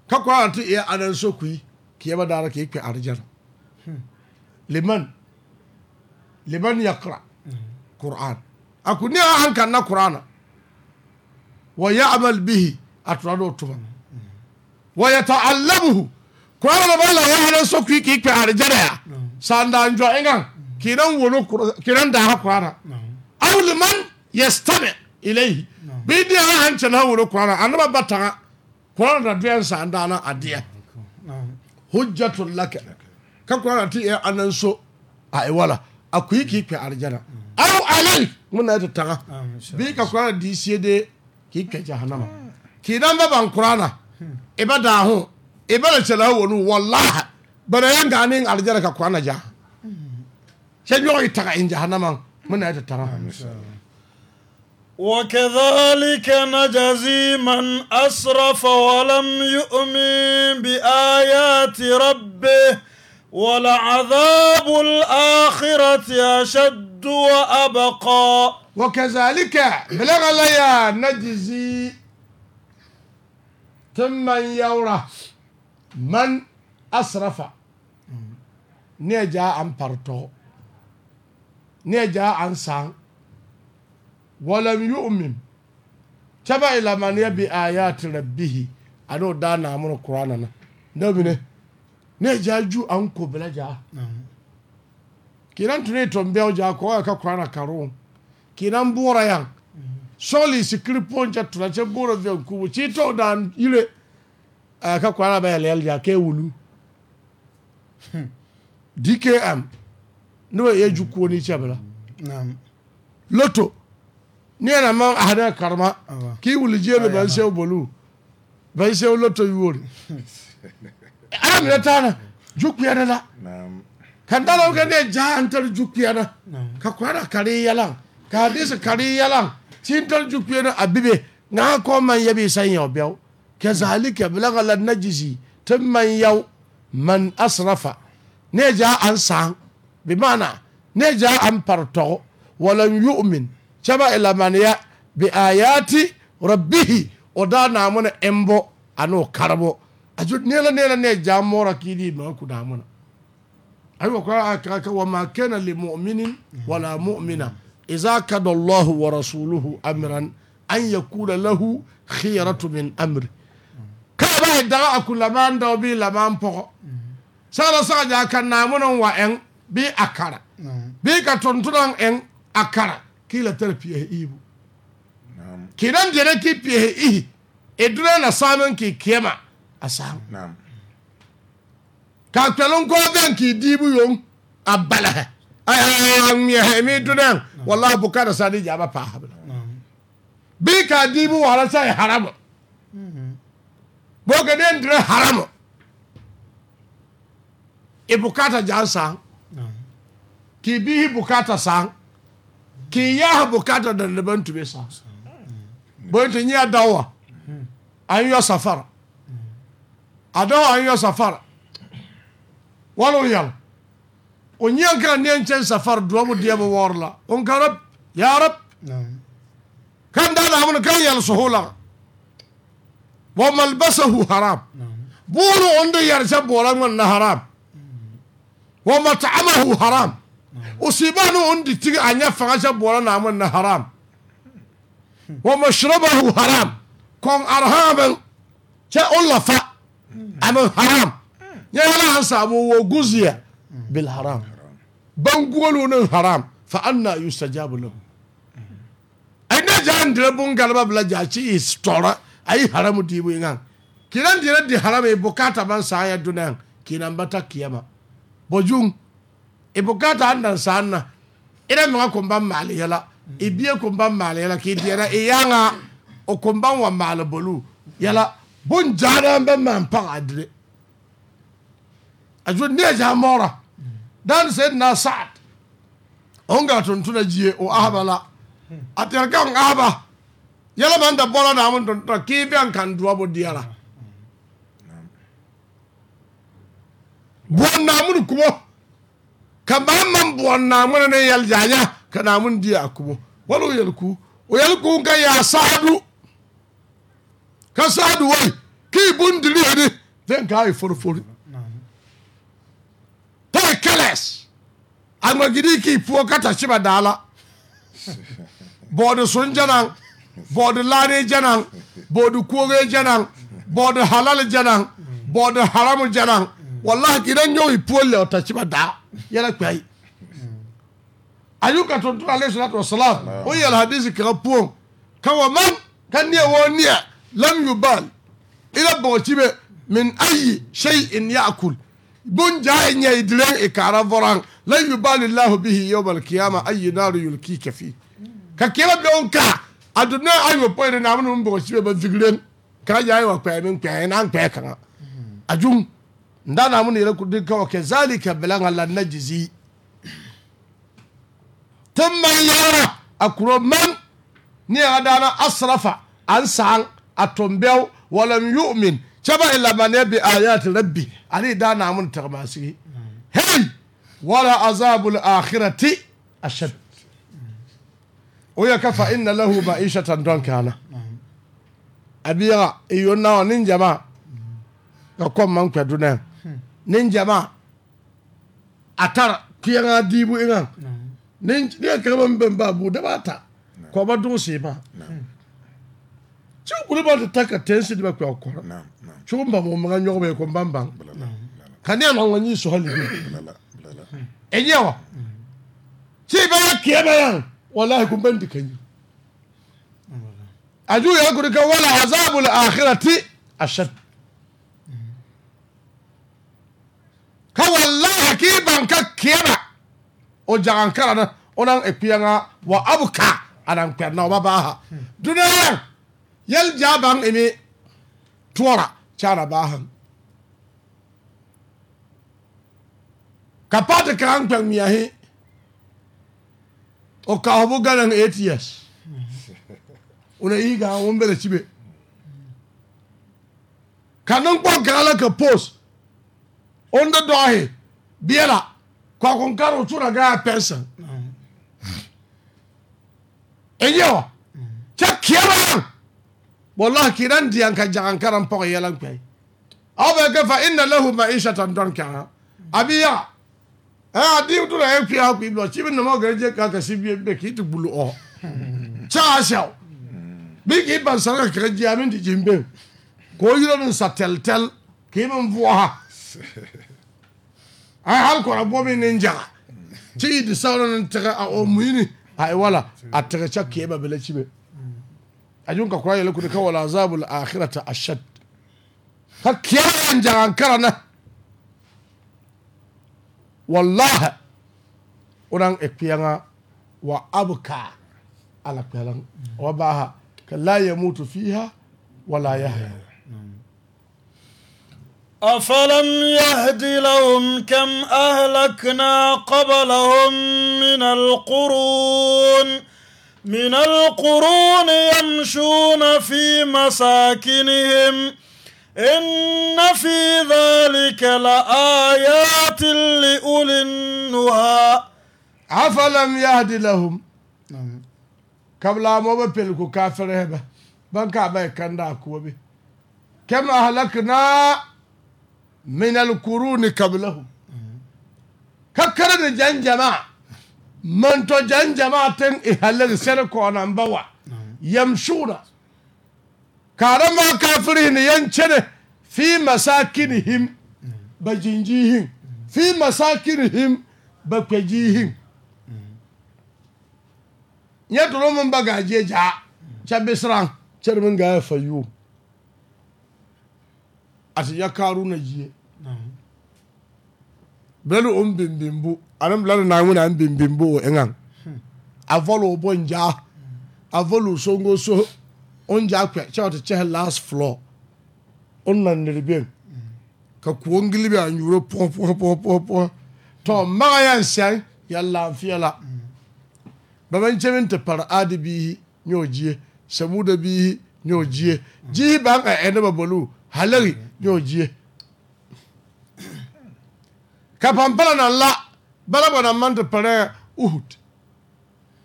ka kwara tu iya anan sokui kiyeba dara ke kpe arjar liman liman yaqra qur'an akuni a hankan na qur'ana wa ya'mal bihi atrado tuma waya ta'allabuhu ko ala bala ya hada so ku ki ki arjada ya sanda anjo engan kiran wono kiran da ha kwara aw liman yastami ilayhi bi di ha hanche na wono kwara anaba bata kwara da duyan sanda na adiya hujjatul laka ka kwara ti ya anan so a iwala a ku ki ki arjada aw alal muna ta taga bi ka kwara di sie de ki ka jahannama ah. kiran ba ban kurana ibada ho ibada chala ho no wallahi bana yanga nin aljara ka kwana ja se shan yo ita in jahannama muna ta tara وكذلك نجزي من أسرف ولم يؤمن بآيات ربه ولعذاب الآخرة أشد وأبقى وكذلك بلغ ليا نجزي timman yaura man asrafa ne ja an farto ne ja an san walam yu'min taba ila man yabi ayat rabbih ado da na mun qur'ana na ne ja ju an ko bla ja kinan tunai tombe ja ko ka qur'ana karo kinan bura yang sɔɔli sikiri pɔn kyɛ tora kyɛ gɔɔrɔ fɛ kubu kyi tɔw dan yire ɛɛ eh, ka kɔn a bɛ yɛlɛ kɛ wulu dkm ne bɛ yɛ ju kuoni kyɛ bɛ la loto ne yɛrɛ ma ahadɛ karima k'i wuli diɛ bɛ bɛn sew bolu bɛn sew loto ala minɛ t'a la ju kpeɛrɛ la ka dalaw kɛ ne jaa an tɛri ju kpeɛrɛ ka kɔn a kari yɛlɛ k'a disi kari yɛlɛ. sintol jukpiyeno a bibe n'a ko man yabi san ke zalika kazalika la najisi tun man yau man asrafa ne ja an san bi mana ne ja an parto wala yu'min chaba ila ya bi ayati rabbihi o da namuna embo ano karbo aju ne la ne la ne ja mora kidi ma ku damuna mun ko aka ka wa ma kana lil mu'minin wala mu'mina idza kada Allah wa rasuluhu amran an yakuna lahu khiyaratu min amri ka ba da akulaman da bi laman poko sara sa ja kan namunan wa en bi akara bi ka tuntunan en akara kila tarfiye ibu kinan jere ki piye ihi edure na samun ki kema a samu ka kpelun ko ben ki dibu yon a balaha yɛhɛmi dunan wala buka da sadi jaba pa habi bi ka dibu wala sai haramu mm-hmm. boga den dire haramu i e bukata jan san ki bihi bukata san ki yaha bukata da liban tube san mm-hmm. bonti nyɛ dawa mm-hmm. an safara a dawa safara wala yɛlɛ ونيان كان نيان سفر دوام ديما وورلا ونكرب يا رب نعم كان دانا من كان سهولة وملبسه حرام نعم بولو عنده يرسب ولا من حرام ومطعمه حرام وسيبانو عندي تيجي عن يفعل شب ولا نعمل حرام ومشربه حرام كون أرهاب شاء الله فا أما حرام يا لا حساب وجزية بالحرام bangolo nan haram fa anna yustajabu lahu ai na jan dire bun galaba bla ja ci istora ai haramu dibu ngan kiran dire di haram e bukata ban sa ya dunan kinan bata kiyama bojung e bukata andan sanna mi ko ban mali yala e biye ban mali yala ki dira e yanga o ban wa mali bolu yala bun jara ban man pa adre ajo ne ja dan na sa'ad on ga tontona jie o ahaba la a tere ka on ahaba yɛlɛ man da bola na mun tontona k'i bɛ an kan duwa bo diyara buwan namun kubo ka ba man na namun ne yal janya ka namun diya kubo wala o yalku o yalku ka ya sadu ka sadu wai ki bundiri ne den ka for forfori yes angwagiriki puo kata shiba dala bɔɔdi sun jɛnaŋ bɔɔdi laare jɛnaŋ bɔɔdi kuoge jɛnaŋ bɔɔdi halali jɛnaŋ bɔɔdi haramu jɛnaŋ wallahi kina nyɔɔ i puo lɛ o ta shiba daa yɛlɛ kpɛɛ ayuka tuntun alayhi salatu ah. wa salam o yɛlɛ hadisi kaŋa puoŋ ka man ka neɛ wɔɔ neɛ lam yubal ila bɔgɔci bɛ min ayi shay'in ya'kul bunja nya idilen ikara voran la yubali llahu bihi yawma alqiyama ayi naru yulkika fi ka kila don ka aduna ayo poire na mun bo sibe ba zigren ka ya ayo kwa min kwa na kwa kan ajun nda na mun ira kudin ka ke zalika bilan allah najzi tamma yara akuro man ni adana asrafa an san atombel walam yu'min kyɛba ilamane bi ayat rabbi ane da na mun tagmasigi hey wala azabul akhirati ashad oya kafa inna lahu ma'ishatan donkana abiyaga iyo nawa nin jama ka kɔm man kpɛdunɛ nin jama a tara kiyanga diibu iŋa nin nin kaŋa min bɛn baa buu daba ta kɔba dugu sii ma kyɛ kuli ba ta ka tɛnsi de ba kpɛ o kɔrɔ cogo ba mo mga nyogo be ko mbambang kani ana ngani so hali bi ejewa si be ya kiye be ya wallahi kun ben dikanyi aju ya guri ka wala azabu al akhirati ashad ka wallahi ki ban ka kiyama o jagan kala na onan ekpiyanga wa abuka anan kwerna o babaha dunayan yel jaban ini tuora China ba hang. Kapati kan kpɛŋ mia he. O kahobu ganaŋ eight years. Una yi gaa ŋun bɛrɛ cibe. Ka ninkpɔŋ kaŋa la ka post. On de dɔɔhe. Bie la. Kɔkun kari o tura gaa pɛnsen. Mm. E nyɛ wa. Kyɛ kiyɛ ba hang. والله كيران ديان كجان كرم بقى يلان كوي أو بقى فإن له معيشة دون كها أبيا ها دي وتلا يكفي أو كي بلو شيء من ما غير كا كسيبي بكي تبلو أو شاشاو بيجي بسنا كرجع من تجيبه كويلون ساتل تل كيمن فوها ai har kora bomi ne njaga ci di sauran tega a o muini ai wala a tega chakki ba bele chibe ajunka kuraya lakude ka wala azabu al-akhirata ashad ka kiyayan jangan karana wallahi uran ekpiyanga wa abka ala kpelan wa baha ka la yamutu fiha wala yahya أفلم يهد لهم كم أهلكنا قبلهم من القرون من القرون يمشون في مساكنهم إن في ذلك لآيات لأولي النهى أفلم يهد لهم قبل ما بلكو كافر هبة بنكا كندا كوبي كما أهلكنا من القرون قبلهم ككرد جن جماعه manto jan jama'atin ihalar sarkonan bawa yan karama kafirin yancere fi masakinihim bajinjihin fi masakinihim bakwajihin nyɛ toro mun ba gaje ja kyɛ bisiran kyɛre min fayu a ti ya karu na bɛli o mbimbimbu ani bilali naa ŋuna mbimbimbu o eŋaŋ a o bonjaa a vɔli o songoso o njaa kpɛ kyɛ o te kyɛhi last floor o na niri ka koɔ gili bɛ a nyuuro pɔgɔ pɔgɔ pɔgɔ pɔgɔ pɔgɔ tɔ maga yɛn sɛŋ yɛn laafeɛ la ba ban kyɛ aadi biihi nyɛ o gyie sabuuda biihi nyɛ o gyie gyiihi baŋ a ɛ noba boluu halagi nyɛ o gyie. Mm -hmm. ka pampala na la bala ba na man te pare uhud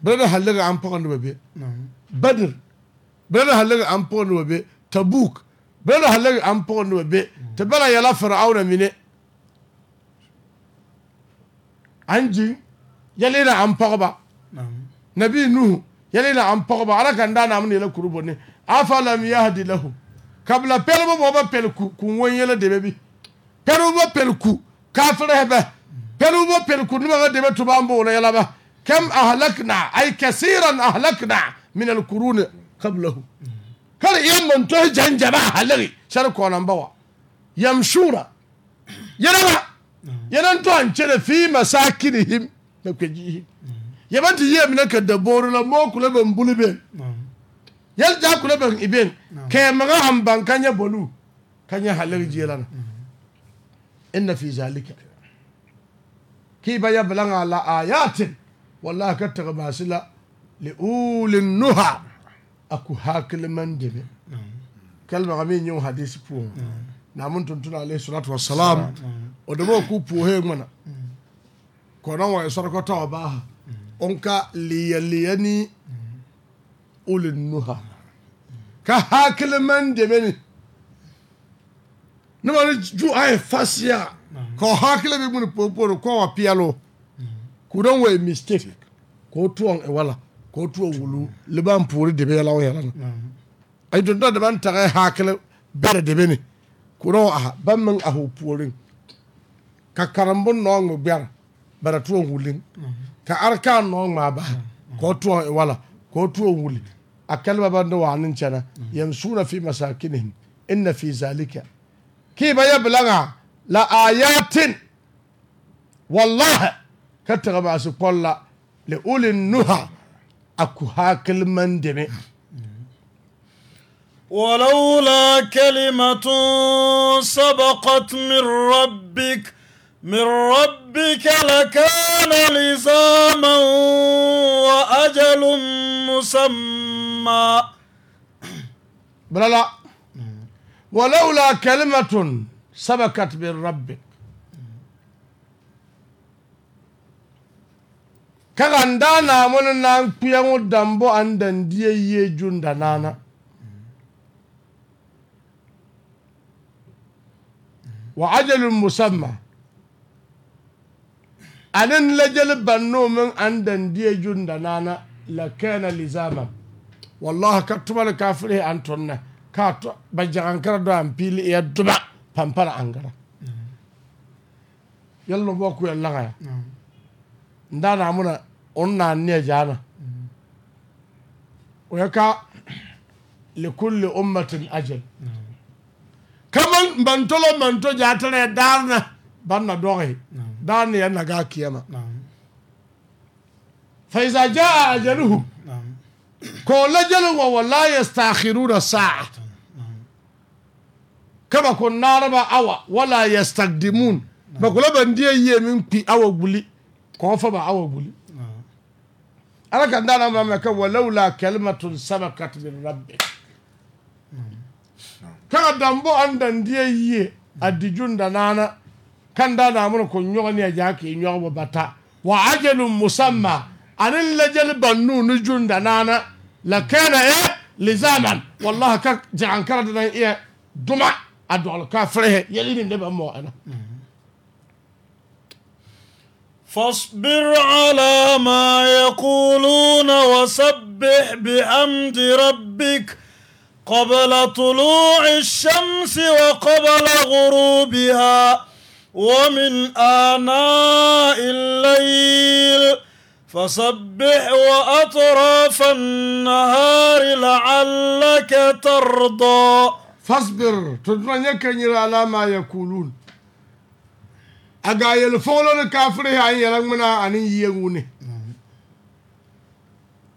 bala da halaga an pɔgɔ noba be badr bala da halaga an pɔgɔ noba be tabuk bala da halaga an pɔgɔ noba be te bala yɛla fir'auna mine an jiŋ yɛle na an pɔgeba nabi nuhu yɛle na an pɔgeba ala kan da naam ne yɛla kuru bɔ ne afa lam yahdi lahum kabila pɛlebɔ bɔ ba pɛl ku kun wɔn yɛlɛ dɛbɛ bi pɛlebɔ ba pɛl ku kafirɛbɛ pɛlu bo pɛlku nuba ba debe tuba an bɔɔlɔ yɛlɛ bɛ kɛm ahalakina ayi kɛsiiran ahalakina minɛli kuruni kabilahu kari iye mɔntɔn jɛnjɛba ahalaki sari kɔnɔn ba wa yam suura yɛlɛma yɛlɛ ntɔn cɛlɛ fi masa minɛ ka dabɔɔri la mɔɔ kulɛ bɛ nbuli bɛ ibɛn kɛmɛ ŋa han ban kanya bolu kanya halaki jiyɛ إن في ذلك كيف يبلغ على آيات والله كتر ما سلا لأول النهى أكو هاكل من دمي كلمة غمين يوم حديث بوه نعمون تنتون عليه الصلاة والسلام ودمو كو بوه منا كونا ويسرق توباها أنك ليليني أول النهى كهاكل من دمي ne ma ne ju aye fasia ka hakile bi mun poporo ko wa pialo ku don we mistake ko tuon e eh, wala ko tuon wulu liban puri de be la o yala ay don da ban ta hakile bere de be ni ku don a ban man a ho purin ka karambon no ngo biar bara tuon wuli ka arkan no a ba ko tuon e eh, wala ko tuon wuli a akalba ban da wa nin cana yamsuna fi masakinihim na fi zalika كيف يبلغ آيات والله كتر ما الله لأولي النهى أكو هاكل من دمي ولولا كلمة سبقت من ربك من ربك لكان لزاما وأجل مسمى بلا لا ولولا كلمة سبقت من ربك kakan da na mun na kpiyan wudan bo an dan diye ye jun da nana wa ajalun musamma anin lajal banno min an dan diye jun da nana ka kafiri an ka to ba jagankara do an pili ya duba pampara angara mm-hmm. yallo bo ku yalla ga mm-hmm. nda na muna onna ne jana mm-hmm. o yaka li kulli ummatin ajal kaman bantolo manto jatare darna banna dogi darna yana ga kiyama fa iza jaa ajaluhum ko lajal wa wala yastakhiruna sa'atan kama ko naraba awa wala yastaqdimun ba ah. kula ban die yi min pi awa guli ko fa ba awa guli ah. ala kan dana ma ma ka walaula kalimatun sabakat min rabbik hmm. ah. ka dambo an dan die yi hmm. adijun da nana kan dana mun ko nyoga ne ja ke nyoga bata wa ajalun musamma hmm. anin lajal bannu nujun da nana la kana eh lizaman wallahi ka ja an karada iya duma adɔɔle kaa fere he yeli ni neba mo ana فاصبر على ما يقولون وسبح بحمد ربك قبل طلوع الشمس وقبل غروبها ومن آناء الليل فسبح وأطراف النهار لعلك ترضى fasbir tudman yakan yira alama ya kulun aga yel folo ni kafiri ha yela ngmina anin yiye ngune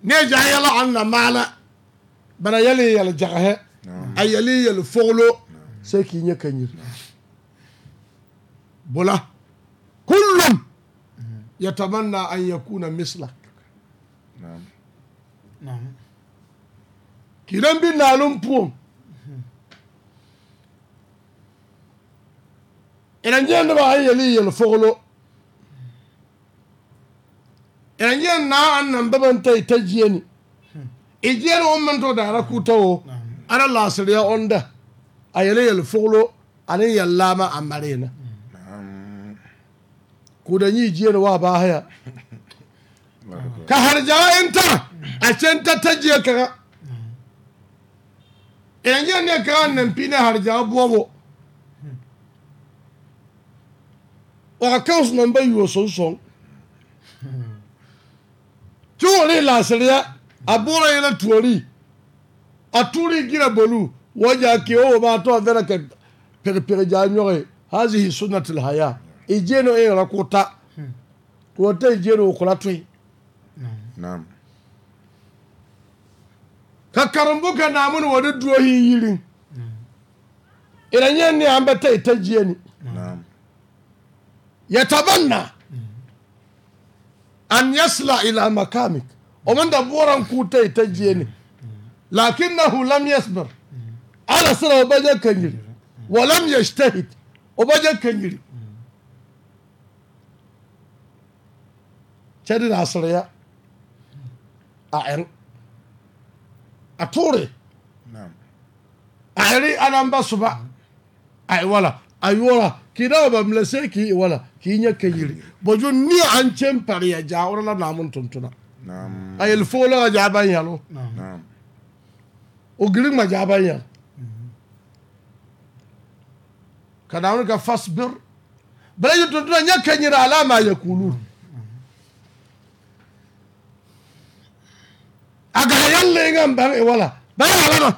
ne ja yela anna mala bana yeli yel jagahe a yeli yel folo sai ki nya kan yira bula kullum yatamanna an yakuna mislak kidan bi nalum puon ɛna Eranjeneba an yeli yeli ɛna Eranjen na an nan baban ta ita jiyeni. Ijiyar on manto da ara kuta wo. Ana lasiriya da A yeli yeli fogolo. Ani yallama a marina. Kuda yi jiyar wa ba haya. Ka harjawa ta a can ta tajiya kaga. Eranjen ne kaga nan fi ne harjawa bobo. or account number you were so song. Tuoli la seria, a bora ila tuoli. A tuoli gira bolu, waja ki o ba to avera ke pere pere janyore, hazi hi sunatil haya. E jeno e rakota. Kuote e jeno ukulatui. Naam. Kakarambuka na amunu wadudu wa hii hili. Ila nye ni ambete itajieni. Naam. يتبنى أن يصل إلى مكانك ومن دبورا كوتي تجيني لكنه لم يصبر على صلاة بجا كنجري ولم يجتهد وبجا كنجري شد العصرية أعر أطوري نعم أعري أنا بصبع أعوالا ولا أي kina bamlase ki wala kinya kayiri bojo ni an cem pariya ja orala namun tuntuna naam ayel fola ja ban yalo naam o girin ma ja ban yalo kana wani ka fasbir bala yi tuntuna nya kayira alama ya kulu aga yalle ngam ban e wala ba wala ba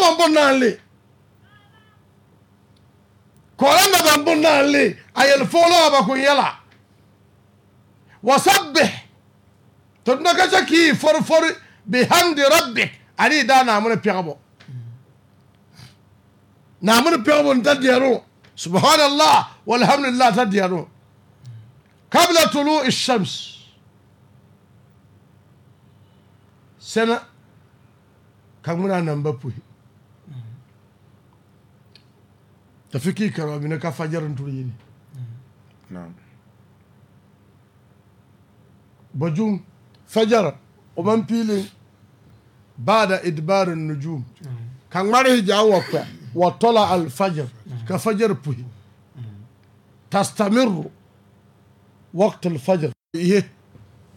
bon bon nan le كولنا ذنبنا اللي أي الفولو بكو يلا وصبح تبنك شكي فرفر بحمد ربك علي دا نامون بيغبو نامون بيغبو نتديرو سبحان الله والحمد لله تديرو قبل طلوع الشمس سنة كمنا نمبر بوهي tafiki karabi na ka jarin turini na'am bajun fajar oban filin ba da idbarin nujum kan marhi jawo wa tola alfajar ka fajar puhi tastamirru waqtul fajar ihe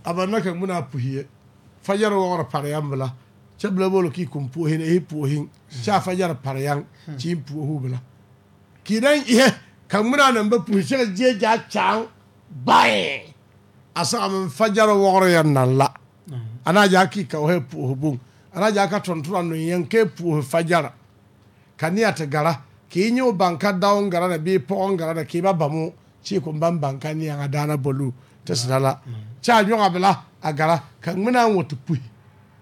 abanaka muna puhiye fajar wawar parayan bila cebla bolo ki kun puhin ihi puhin sha fajar parayan hmm. cin puhu bila kidan iya kan muna nan ba pushe je ja chan bae asa am fajar wogro yan nan la mm. ana ja ki ka he puhubun ana ja ka tontura no yan ke pu fajar kaniya ta gara ki nyu banka daun gara na bi po on gara na ki ba bamu ci kun ban banka ni yan adana bolu ta sala mm. cha nyu abla a gara kan muna wata puhi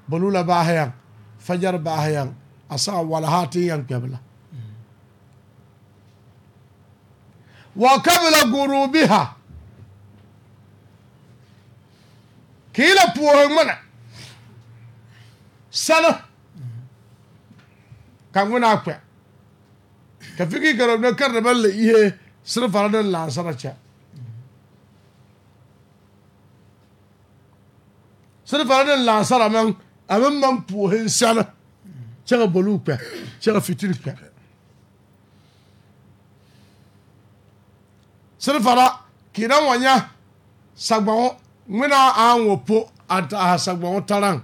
bolu la ba hayan fajar ba hayan asa wala hatin yan kebla وقبل غروبها كيلا بوه منا سنة كان ونا أقوى كفيكي كربنا كربنا اللي إيه صرف على العنصر أشياء صرف على العنصر أمام أمام من بوه سنة شغل بلوك شغل فتيل silifara kina wanya sagbaŋo ŋmenaa an wo po a aha sagbaŋo taraŋ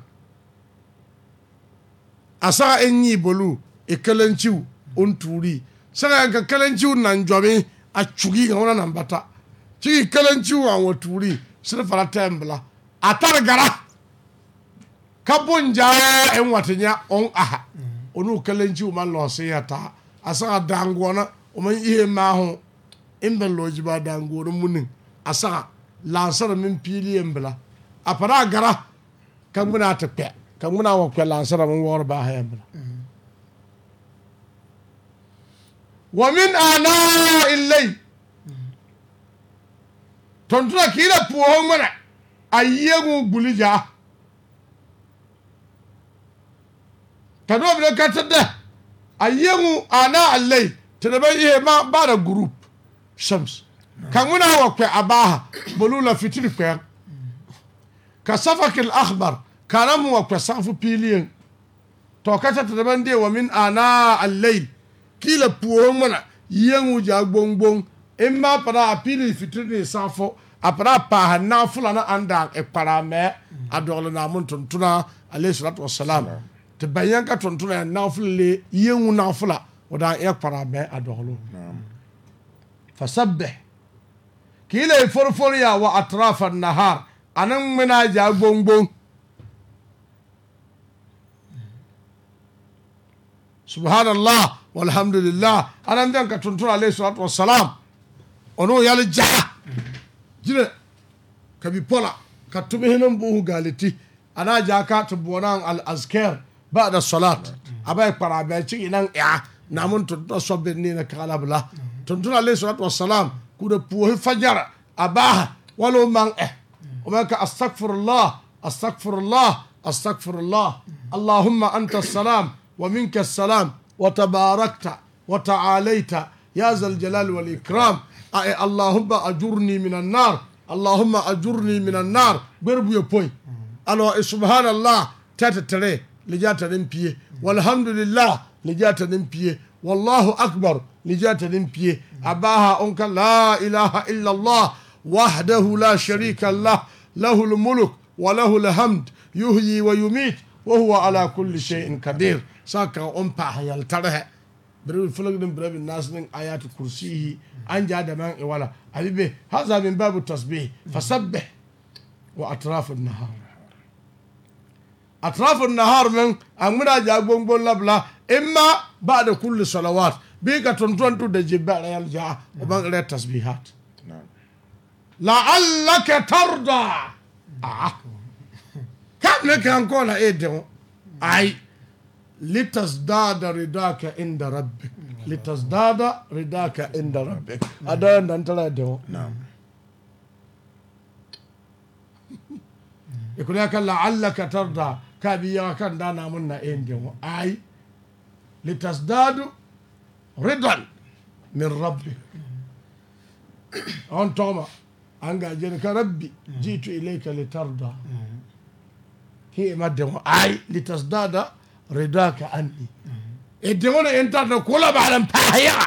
a saga eŋ nyii bolu e kelenciw o tuuri saga yaŋ ka kelenciw naŋ jɔmi a chugi ka ona naŋ bata chigi kelenciw aŋ wo tuuri silifara in bila a tare gara ka bonjaa eŋ wa te nyɛ on aha o mm-hmm. onu kelenciw maŋ lɔɔseɛ taa a saga daangoɔna o maŋ ihe maaho inda loji ba da ngorin munin a saka lansar min fili yin bila a fara gara kan muna ta kwe kan muna wa kwe lansar min war ba haya bila wa min ana illai tontuna da puwa mana yi mu gulija da a yi ayye mu ana allai tana bai iya ma ba da group shams ka ŋuna wa kwe a bolula fitri kwe fitiri safak ka safakil akhbar kaana wa kwe sanfu piiliyeŋ tɔ ka ta tɛ wa min ana al-layl kila puoro ŋmana yiyeŋ wu jaa gboŋ gboŋ ma para a fitri ni sanfo a pa a paaha na an daaŋ e para me a na mun tontona alayhi salatu wassalam te bayyɛŋ ka na ya naafula le fula wada o e para me a dɔgloo فسبح كيلا يفرفر يا وأطراف النهار أنا من أجا بون بون سبحان الله والحمد لله أنا عندك تنتظر عليه الصلاة والسلام ono yali jaha jire kabi pola ka tumi hinan buhu galiti ana jaka ta buwanan al-azkar ba da salat abai kwara bai ci inan iya namun tuntun sobbin ne na kala bula tonton alayhi salatu wassalam kuɗa puohi fajara abaha wala man eh o man ka astaghfirullah astagfirullah astagfirullah allahumma anta salam wa minka salam wa tabarakta wa ta'alayta ya zal jalal wal ikram ay allahumma ajurni min an nar allahumma ajurni min an nar annar gberbuye poy alo subhanallah tata tare lijata den pie walhamdulillah lijata den pie wallahu akbar نجاتنا نبيه أباها أنك لا إله إلا الله وحده لا شريك له له الملك وله الحمد يهيي ويميت وهو على كل شيء قدير ساكا أمبا حيال تره بروي فلق دم بروي الناس من آيات كرسيه أنجا دمان إولا حبيبي هذا من باب التسبيح فسبح وأطراف النهار أطراف النهار من أمنا جاء بون بون إما بعد كل صلوات bɩ ka tʋn tʋa n tʋda je bɛgrã yɛl zaa b rɛ tasbihat laallaka tarda mm. ah. kam ne kan kola e dẽ mm. ai litasdada ridaka inda rabbik mm. litasdada ridaka inda rabbik a dara dan tara dẽ ikuri aka la'alla ka tarda ka biya kan da namun na e ai litasdadu رضا من ربي أن توما أنجا جنك ربي جئت إليك لترضى هي ما أي لتزداد رضاك عني إدمونا أنت كل بعد بحياة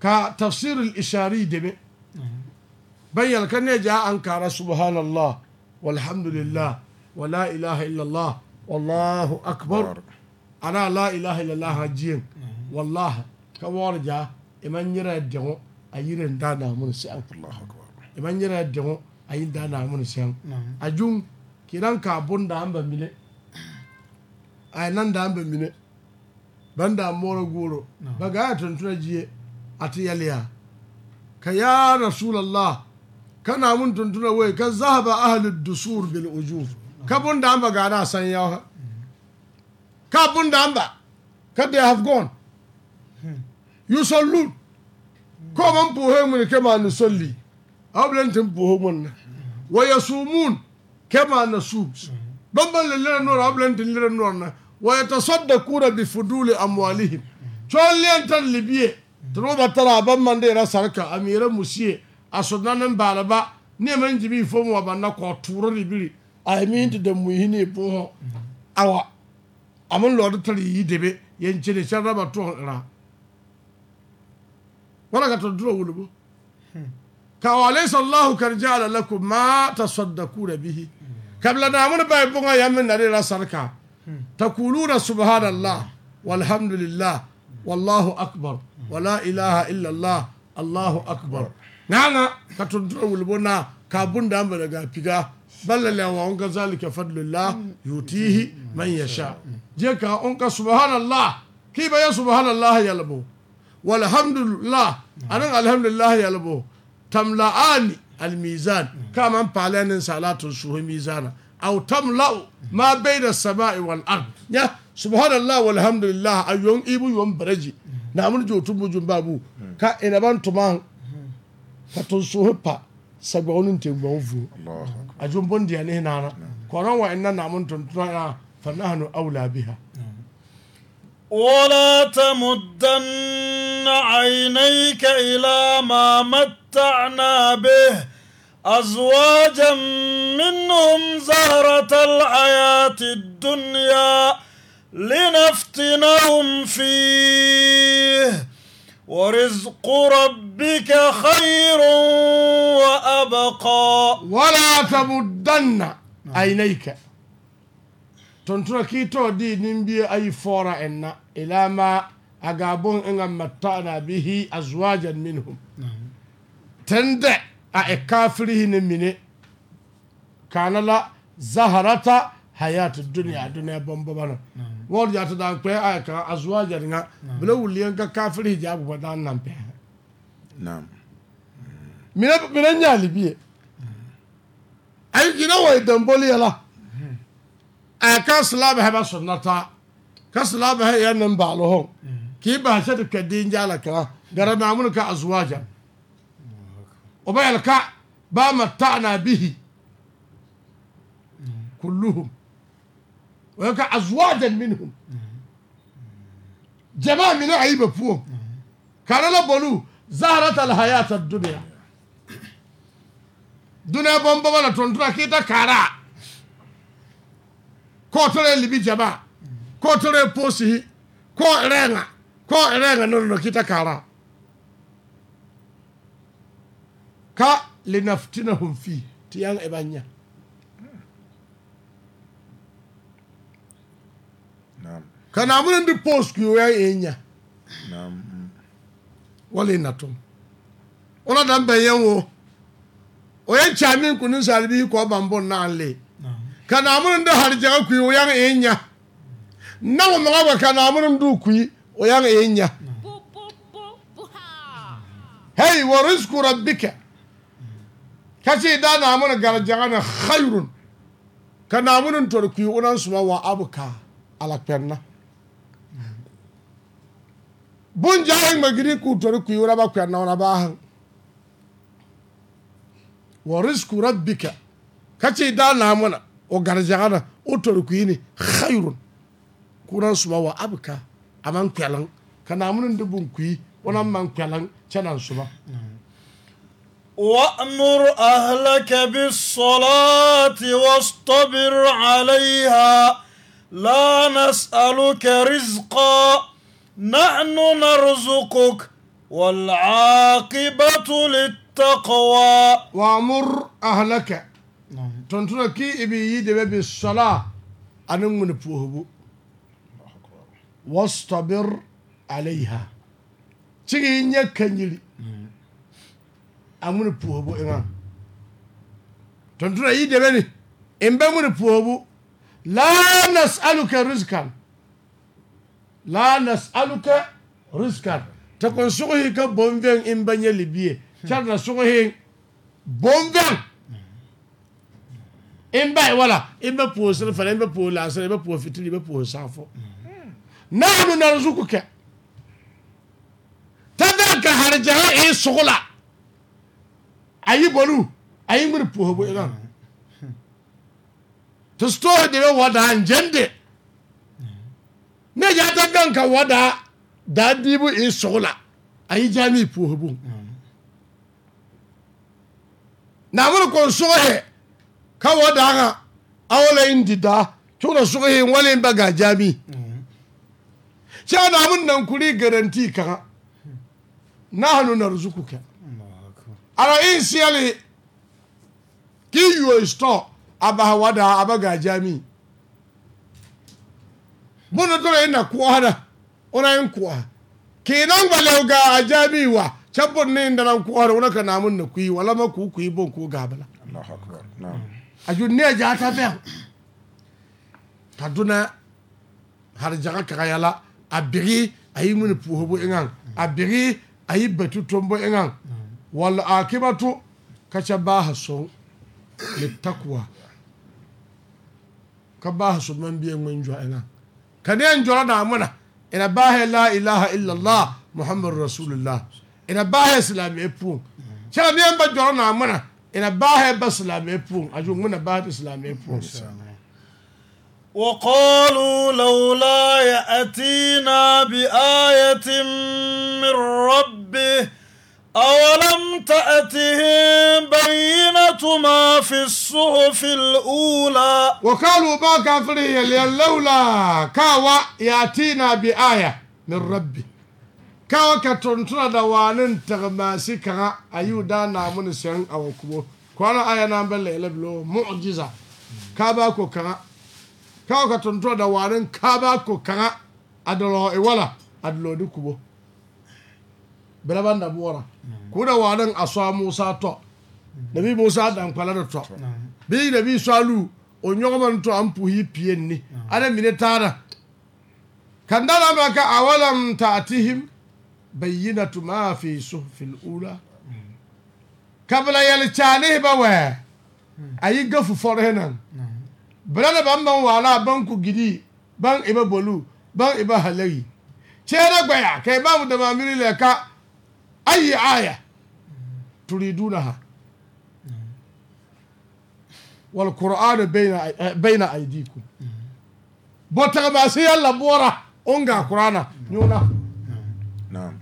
كا كتفسير الإشاري دمي بين كنجا أنكار سبحان الله والحمد لله ولا إله إلا الله wallahu akbar ana la ilaha illallah hajiyen wallah ka warja iman yira dawo a yiren da na mun sai Allahu akbar iman yira dawo a yi da na mun sai ajun kiran ka bun da an ba a nan da an ba mile ban da mora goro ba ga ya tuntuna jiye a yaliya ka ya rasulullah kana mun tuntuna wai ka zahaba ahlud dusur bil ujur ka bundamba gana san yawha ka bundamba ka they have gone you salute ko man puhe mun kema ni solli ablan tin puhe mun na wa yasumun kema na su don ban lele no ablan tin lele no na wa yatasaddaquna bi fuduli amwalihim chollian tan libiye tro batara ban man de ra sarka amira musiye asodanan balaba ne man jibi fo mu wa banna ko turo libiri to them we da mu our I'm awa amun of tell yi debe yen chede shan raba to ra wala ka to duro wulugo ka wa laysa kan ja'ala lakum ma tasaddaquna bihi kabla na mun bai bunga yamin nare ra sarka taquluna subhanallah walhamdulillah wallahu akbar wala ilaha illa allah allahu akbar nana ka to duro na ka bunda daga figa balala wa onka zalika fadlullah yutihi man yasha je ka onka subhanallah ki ba subhanallah yalbo walhamdulillah anan alhamdulillah yalbo tamla'ani almizan kaman palanin salatun suhu mizana aw tamla'u ma bayna samai wal ard ya subhanallah walhamdulillah ayon ibu yon baraji Namun mun jotun bujun babu ka ina ban tuman fatun suhu pa sɛgbɛ ɔno ntɛngbɛn fuo adwombon deɛ ne hinana kɔnɔ wa ɛnna naamu ntontona fa nahanu awla biha. ولا تمدن عينيك إلى ما متعنا به أزواجا منهم زهرة الحياة الدنيا لنفتنهم فيه ورزق ربك خير وأبقى ولا تمدن عينيك tontuna kito di nimbi ay fora enna ilama agabon inga mattana bihi azwajan minhum tende a ekafirihi ni mine kanala zaharata hayatu duniya dunya bombobana ngor jata dan kwe a ka azwa jar nga bla wuliyan ka kafir hijab ba dan nan pe na'am mina mina nyali Ayi ay gina way dan la. yala ay ka slab ha ba sunnata ka slab ha ya nan ba lo ki ba sha da kadin jala kaŋa. gara na mun ka O azwaja yɛlɛ ka ba matta'na bihi mm. kulluhum ويقع أزواجا منهم جماعة من عيبة فوق كان لبنو زهرة الحياة الدنيا دنيا بمبا ولا تنترا كده كارا كوتر اللي بي جماعة كوتر بوسي كو رنga كو رنga نورنو كده كارا ka linaftinahum fi tiyang ebanya kana mune ndi post kuyoya enya wale natom ona dan bɛyɛ wo oyɛ kyame nkuni sare bi kɔ bambo naale kana mune ndi harjaga kuyi oyan enya na wo maga ba kana mune ndi kuyi oyan enya hey wa rizqu rabbika kace da na mune garjaga na khairun kana mune tor kuyi onan suma wa ala alakperna bunjaahi ŋmɛgiri k'u tori kuyura ba kpɛr nauna baahi wa risku rabbika kaci daa naamuna o garzagana o tori kuyini khayrun kunan suma wa abka aman kpɛliŋ ka naamunin di bun kuyi onan man kpɛliŋ kyɛ suma. suba وأمر أهلك بالصلاة واصطبر عليها لا نسألك رزقا نحن نرزقك والعاقبة للتقوى وأمر أهلك تنتظر كي إبي يدي بالصلاة أنا من فوهبو واستبر عليها تيجي نيكا نيلي أمون فوهبو إمام تنتظر يدي بني إن بمون فوهبو لا نسألك رزقا la nas'aluka rizqan ta kun suhi ka bonven in banye libiye char na suhi bonven in ba e wala in ba po sun fa in ba po la sun in ba po fitri ba po safo ta da ka harjaha in e sughla ayi bolu ayi mun po bo ina to sto de wa da jende ne ya ta ka wada da dibu in sola a yi jami na naamuru kon sogohe ka wada ha awola yin di daa tuna sogohe wale ba ga jami mun nan nankuri garanti na nahanu ka ara in siyali ki yuo store abaha wada aba ga jami bono na ina kuwada ona yin kuwa kinan ga a wa cabbon ne inda nan da una ka namun na kuyi wala ma ku kuyi bon ku gabala Allahu a na'am ne junne ja ta fe kaduna har kaka yala a biri a yi ayi mun bu ingan a biri a yi batu tombo ingan a kibatu kacha ba haso litakwa ka ba haso man biye mun jwa ingan كنين جرنا منا إن باه لا إله إلا الله محمد رسول الله إن باه سلام يبون شو مين بجرنا منا إن باه بس سلام يبون أجو منا باه سلام يبون وقالوا لولا يأتينا بآية من ربه أولم تأتهم بينة ما في الصحف الأولى وقالوا ما كافرين لولا كاوا يأتينا بآية من ربي kawa ka tuntuna da wanin tagmasi kaŋa a yi da na muni siyan a wakubo aya na bala ila bilo mu'jiza ka ba ko kaŋa da kubo bɛlɛba nabɔra k'o da waa din asɔa musa tɔ nabi musa dankpala di tɔ bi nabi sɔalu o nyɔgɔma n tɔ an puhi pie ni ana mine taara kan dala ma ka awalam taatihim bayyinatu ma fi fili ula kabla yɛlikyaanihi ba wɛ hmm. a yi gafu fɔrihi nan bɛlɛ ban ban waala ban ku gidi ban iba bolu ban iba halayi kyɛɛ da gbɛya ka i baa mu damaamiri lɛ ka أي آية تريدونها والقرآن بين بين أيديكم بوتغ ما سي الله بورا أونغا قرآن نيونا نعم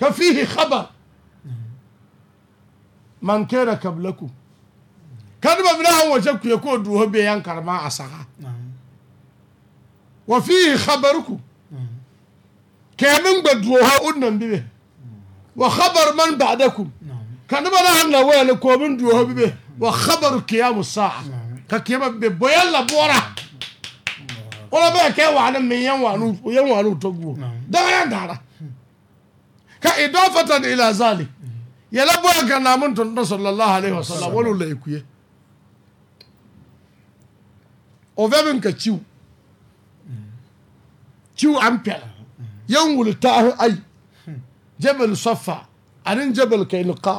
كفيه خبر من كان قبلكم كان مبناه وجبك يكون دوه بيان كرما أسخا نعم. وفيه خبركم kemin gbaduro ha unnan bibe wa khabar man ba'dakum ka noba na hanna weele komin duwo ha bibe wa khabaru qiyamu sa'a ka kiyama bibe boyan la bora wala ba ke waana min yan waanu yan waanu togu daga yan dara ka idafatan ila zalik yala boya ka namun tonto sallallahu alaihi wasallam wala la ikuye o vebin ka ciw ciw an pela yan wulta ai jebel safa anin jebel kailuka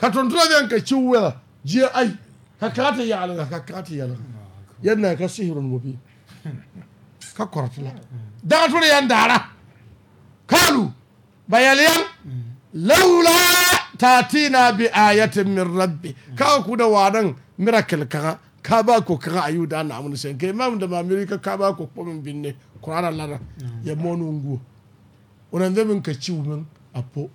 ka tuntuna zan ka ciwela jiya ai ka kata yalan ka kata yalan yana ka sihirun mubi ka kwartula daga tura yan dara kalu bayaliyan laula tina bi ayatin min rabbi ka ku da wadan miracle kaga ka ba ko kaga ayu da na amun sai kai imam da mamiri ka ka ba ko kuma binne kurara lara ya monu nguo unanze min ka ci wumin apo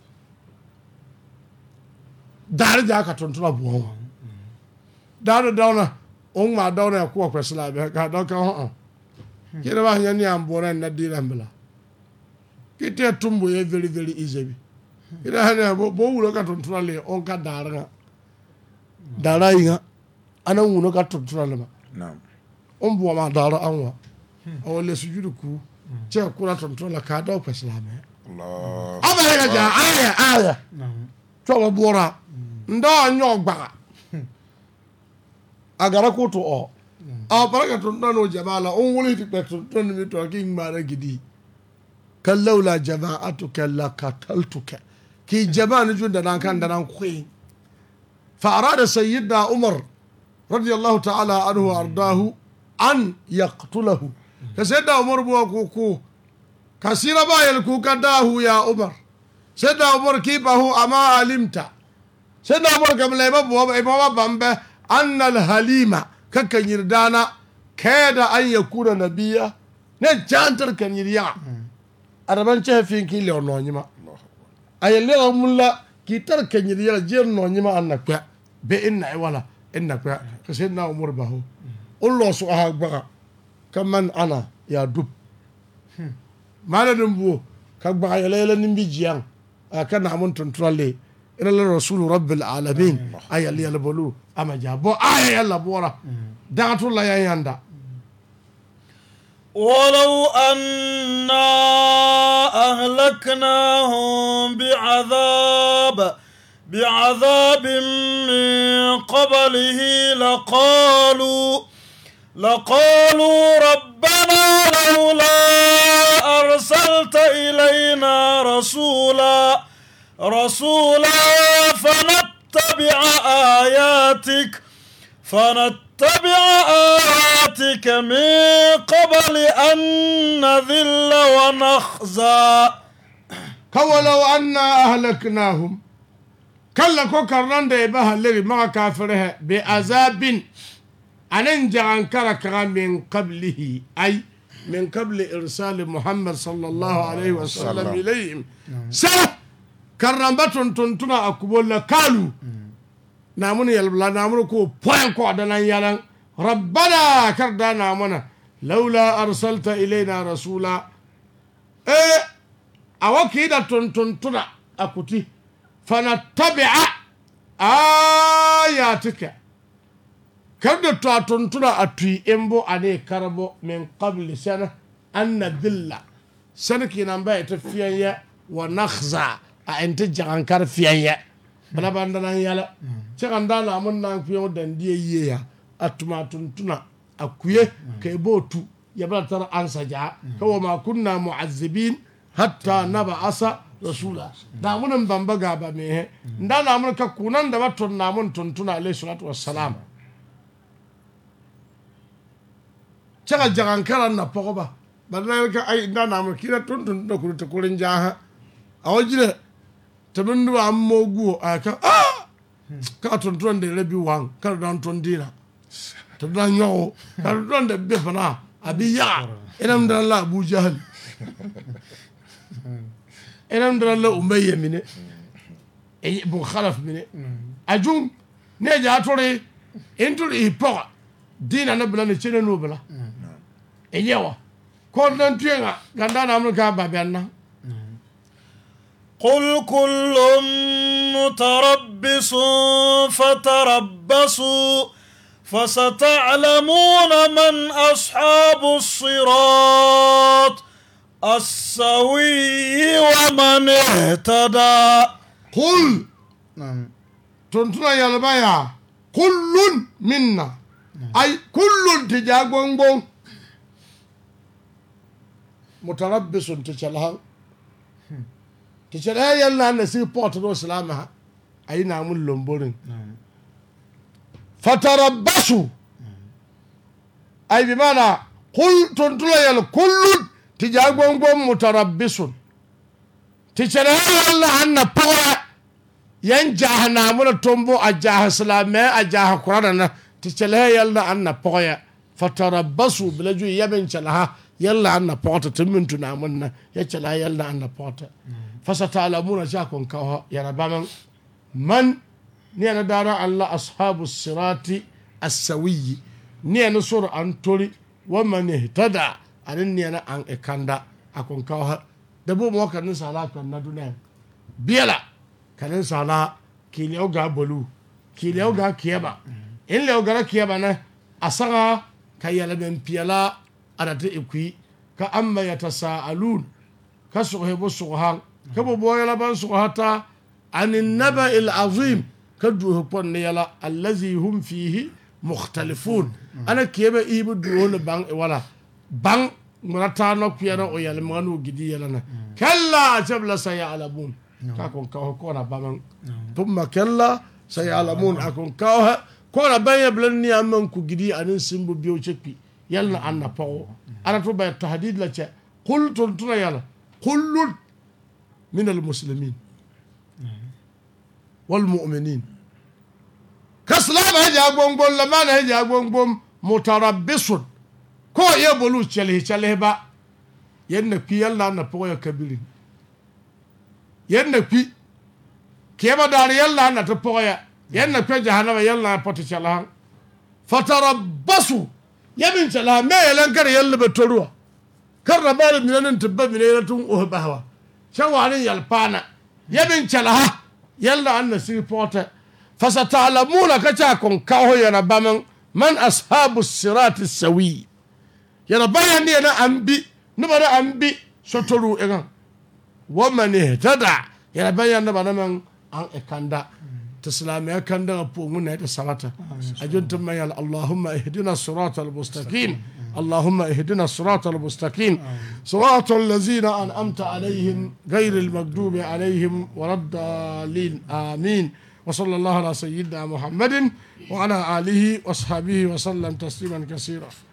dare ja ka tontona daw na mm-hmm. dauna on ma ya kuwa kwesila be ka dauka ho'o hmm. kira ba hanyar ni an bora na dira mbila kite tumbo ye very very easy bi hmm. ira hanya bo wulo ka tontona ka dare nga dara yi wulo ka tontona ma ma awole sujuduku ce kura tontola ka daw pasilame abarega ja aya aya coba bora nda nyo gbaga agara kutu o a baraka tontano jabala on wuli ti kpɛ tontoni mi to ki ŋmaara gidi kalawla jama'atuka la kataltuka ki jama'a ni ju danan kan danan koyi fa arada sayyidina umar radiyallahu ta'ala anhu ardahu an yaqtulahu ka sedda umar buwa kuku ka sira ba yel kuka dahu ya umar sedda umar a ama alimta sedda umar gamla ba buwa ba ba bambe annal halima kakan yirdana kada an yakuna nabiya ne jantar kan yirya araban chefin ki le ononyima ayelle mulla tar kan yirya jer nonyima kwa be inna wala inna kwa kasidna umar bahu ullo su aha gbaga ka man ana ya dub mana din buwo ka gbaga yala yala nin bi jiyan a ka na mun tunturalle ina la rasulu rabbil alamin ayali yalbalu ama jabo aya yalla bora daga tulla yan yanda ولو أنا أهلكناهم بعذاب بعذاب من قبله لقالوا لقالوا ربنا لولا أرسلت إلينا رسولا رسولا فنتبع آياتك فنتبع آياتك من قبل أن نذل ونخزى كولو أنا أهلكناهم كلا كوكرندا بها اللي مع كافره بأذاب a nan ja'ankara kaga min qablihi ai min qabli irsali muhammad sallallahu alaihi wasallam ilayhim sa karramba tuntuntuna a kubolla kalu hmm. namun yalbla namun ko poin ko danan yalan rabbana karda namuna laula arsalta ilaina rasula eh awa kida tuntuntuna a kuti fanattabi'a ayatika kada ta tuntuna a tui in bo a ne karbo min qabli sana an na dilla nan kinan ba ita ya wa nakhza a inta jagan kar ya bana ban nan yala ce kan da na mun nan fiyo dan diye yiye ya a tuma tuntuna a kuye kai bo tu ya bala tar an ka kawo ma kunna mu'azzibin hatta naba asa rasula da munin bamba ba me da na mun ka kunan da batun na mun tuntuna alayhi salatu wassalam caga jagan na pɔgeba ba na ka ai na na mun kira tun tun da kuri ta kurin jaha a wajire ta bin duba an mogu a ka a ah! ka tun tun da rabi wan kar dan tun dina ta dan yawo kar dan da be fana abi ya inam da la abu jahal inam da la umayya mine e, ay bu khalaf mine ajum ne ja tore intul i dina na bla ne chene no bla mm. ɛyɛ wɔ kɔntantue ŋa ganda na amuru kaa babi anna. قل كل متربص فتربصوا فستعلمون من أصحاب الصراط السوي ومن اهتدى قل تنتنا يا لبايا كل منا أي كل تجاغون متربص تشلها تشل هاي يلا نسي بوت دو سلامها أين عمل لومبورين نعم. فتربصوا أي بمعنى قل تنتلا يلا كل تجاقون قوم متربص تشل هاي يلا عنا بورا ينجا هنا عمل تنبو أجاه سلامة أجاه قرانا تشل هاي يلا عنا بورا فتربصوا بلجو يبن تشل yalla anna tun tummin tuna munna ya cala yalla anna pota fasa ta'lamuna sha kun kawo yana ba man man ne na dara Allah ashabu sirati as-sawiyyi ne na sur an tori wa man ihtada anin ne na an ikanda akun kawo da bo mo kan sala kan na dunan biela kan sala kile o ga bolu kile o ga kiyaba in le o ga kiyaba na asaga kayala ben piala ada ta ikwi ka amma ya ta sa'alun ka suhe bu suhan ka bu boye laban ta anin naba il azim ka duhe pon ne yala allazi hum fihi mukhtalifun ana kiyebe ibu duhole bang e wala bang murata na kuyana o yalmanu gidi na kalla jabla sayalamun ka kon ka ko na baman thumma kalla sayalamun akon ka ko na banya blan ni amman ku gidi anin simbu biyo chekpi yal na anna pɔgɔ ana to bɛ tahadid la kul yala min ka silama hɛ jaa gbongbom lamana hɛ jaa gbongbom ko ye bolu kyɛlihi kyɛlihi ba yɛn na kpi yal na anna pɔgɔ ya kabirin yɛn na kpi kiyama daani yal na anna na kpɛ yal na pɔti yamin cala me yelan kar yel be torwa kar tun minanin tibba minaratun uhbawa shawarin yalpana yamin sigi yalla anna si porta ka kacha kon kaho yana ba man ashabu sirati sawi yana bayan ne na ambi nuba na ambi sotoru egan wa man ihtada yana bayan na man an ekanda تسلامي كان دغبون يتسرطة أجنت ميال اللهم اهدنا الصراط المستقيم اللهم اهدنا الصراط المستقيم صراط الذين أنعمت عليهم غير المغضوب عليهم ولا الضالين آمين وصلى الله على سيدنا محمد وعلى آله وصحبه وسلم تسليما كثيرا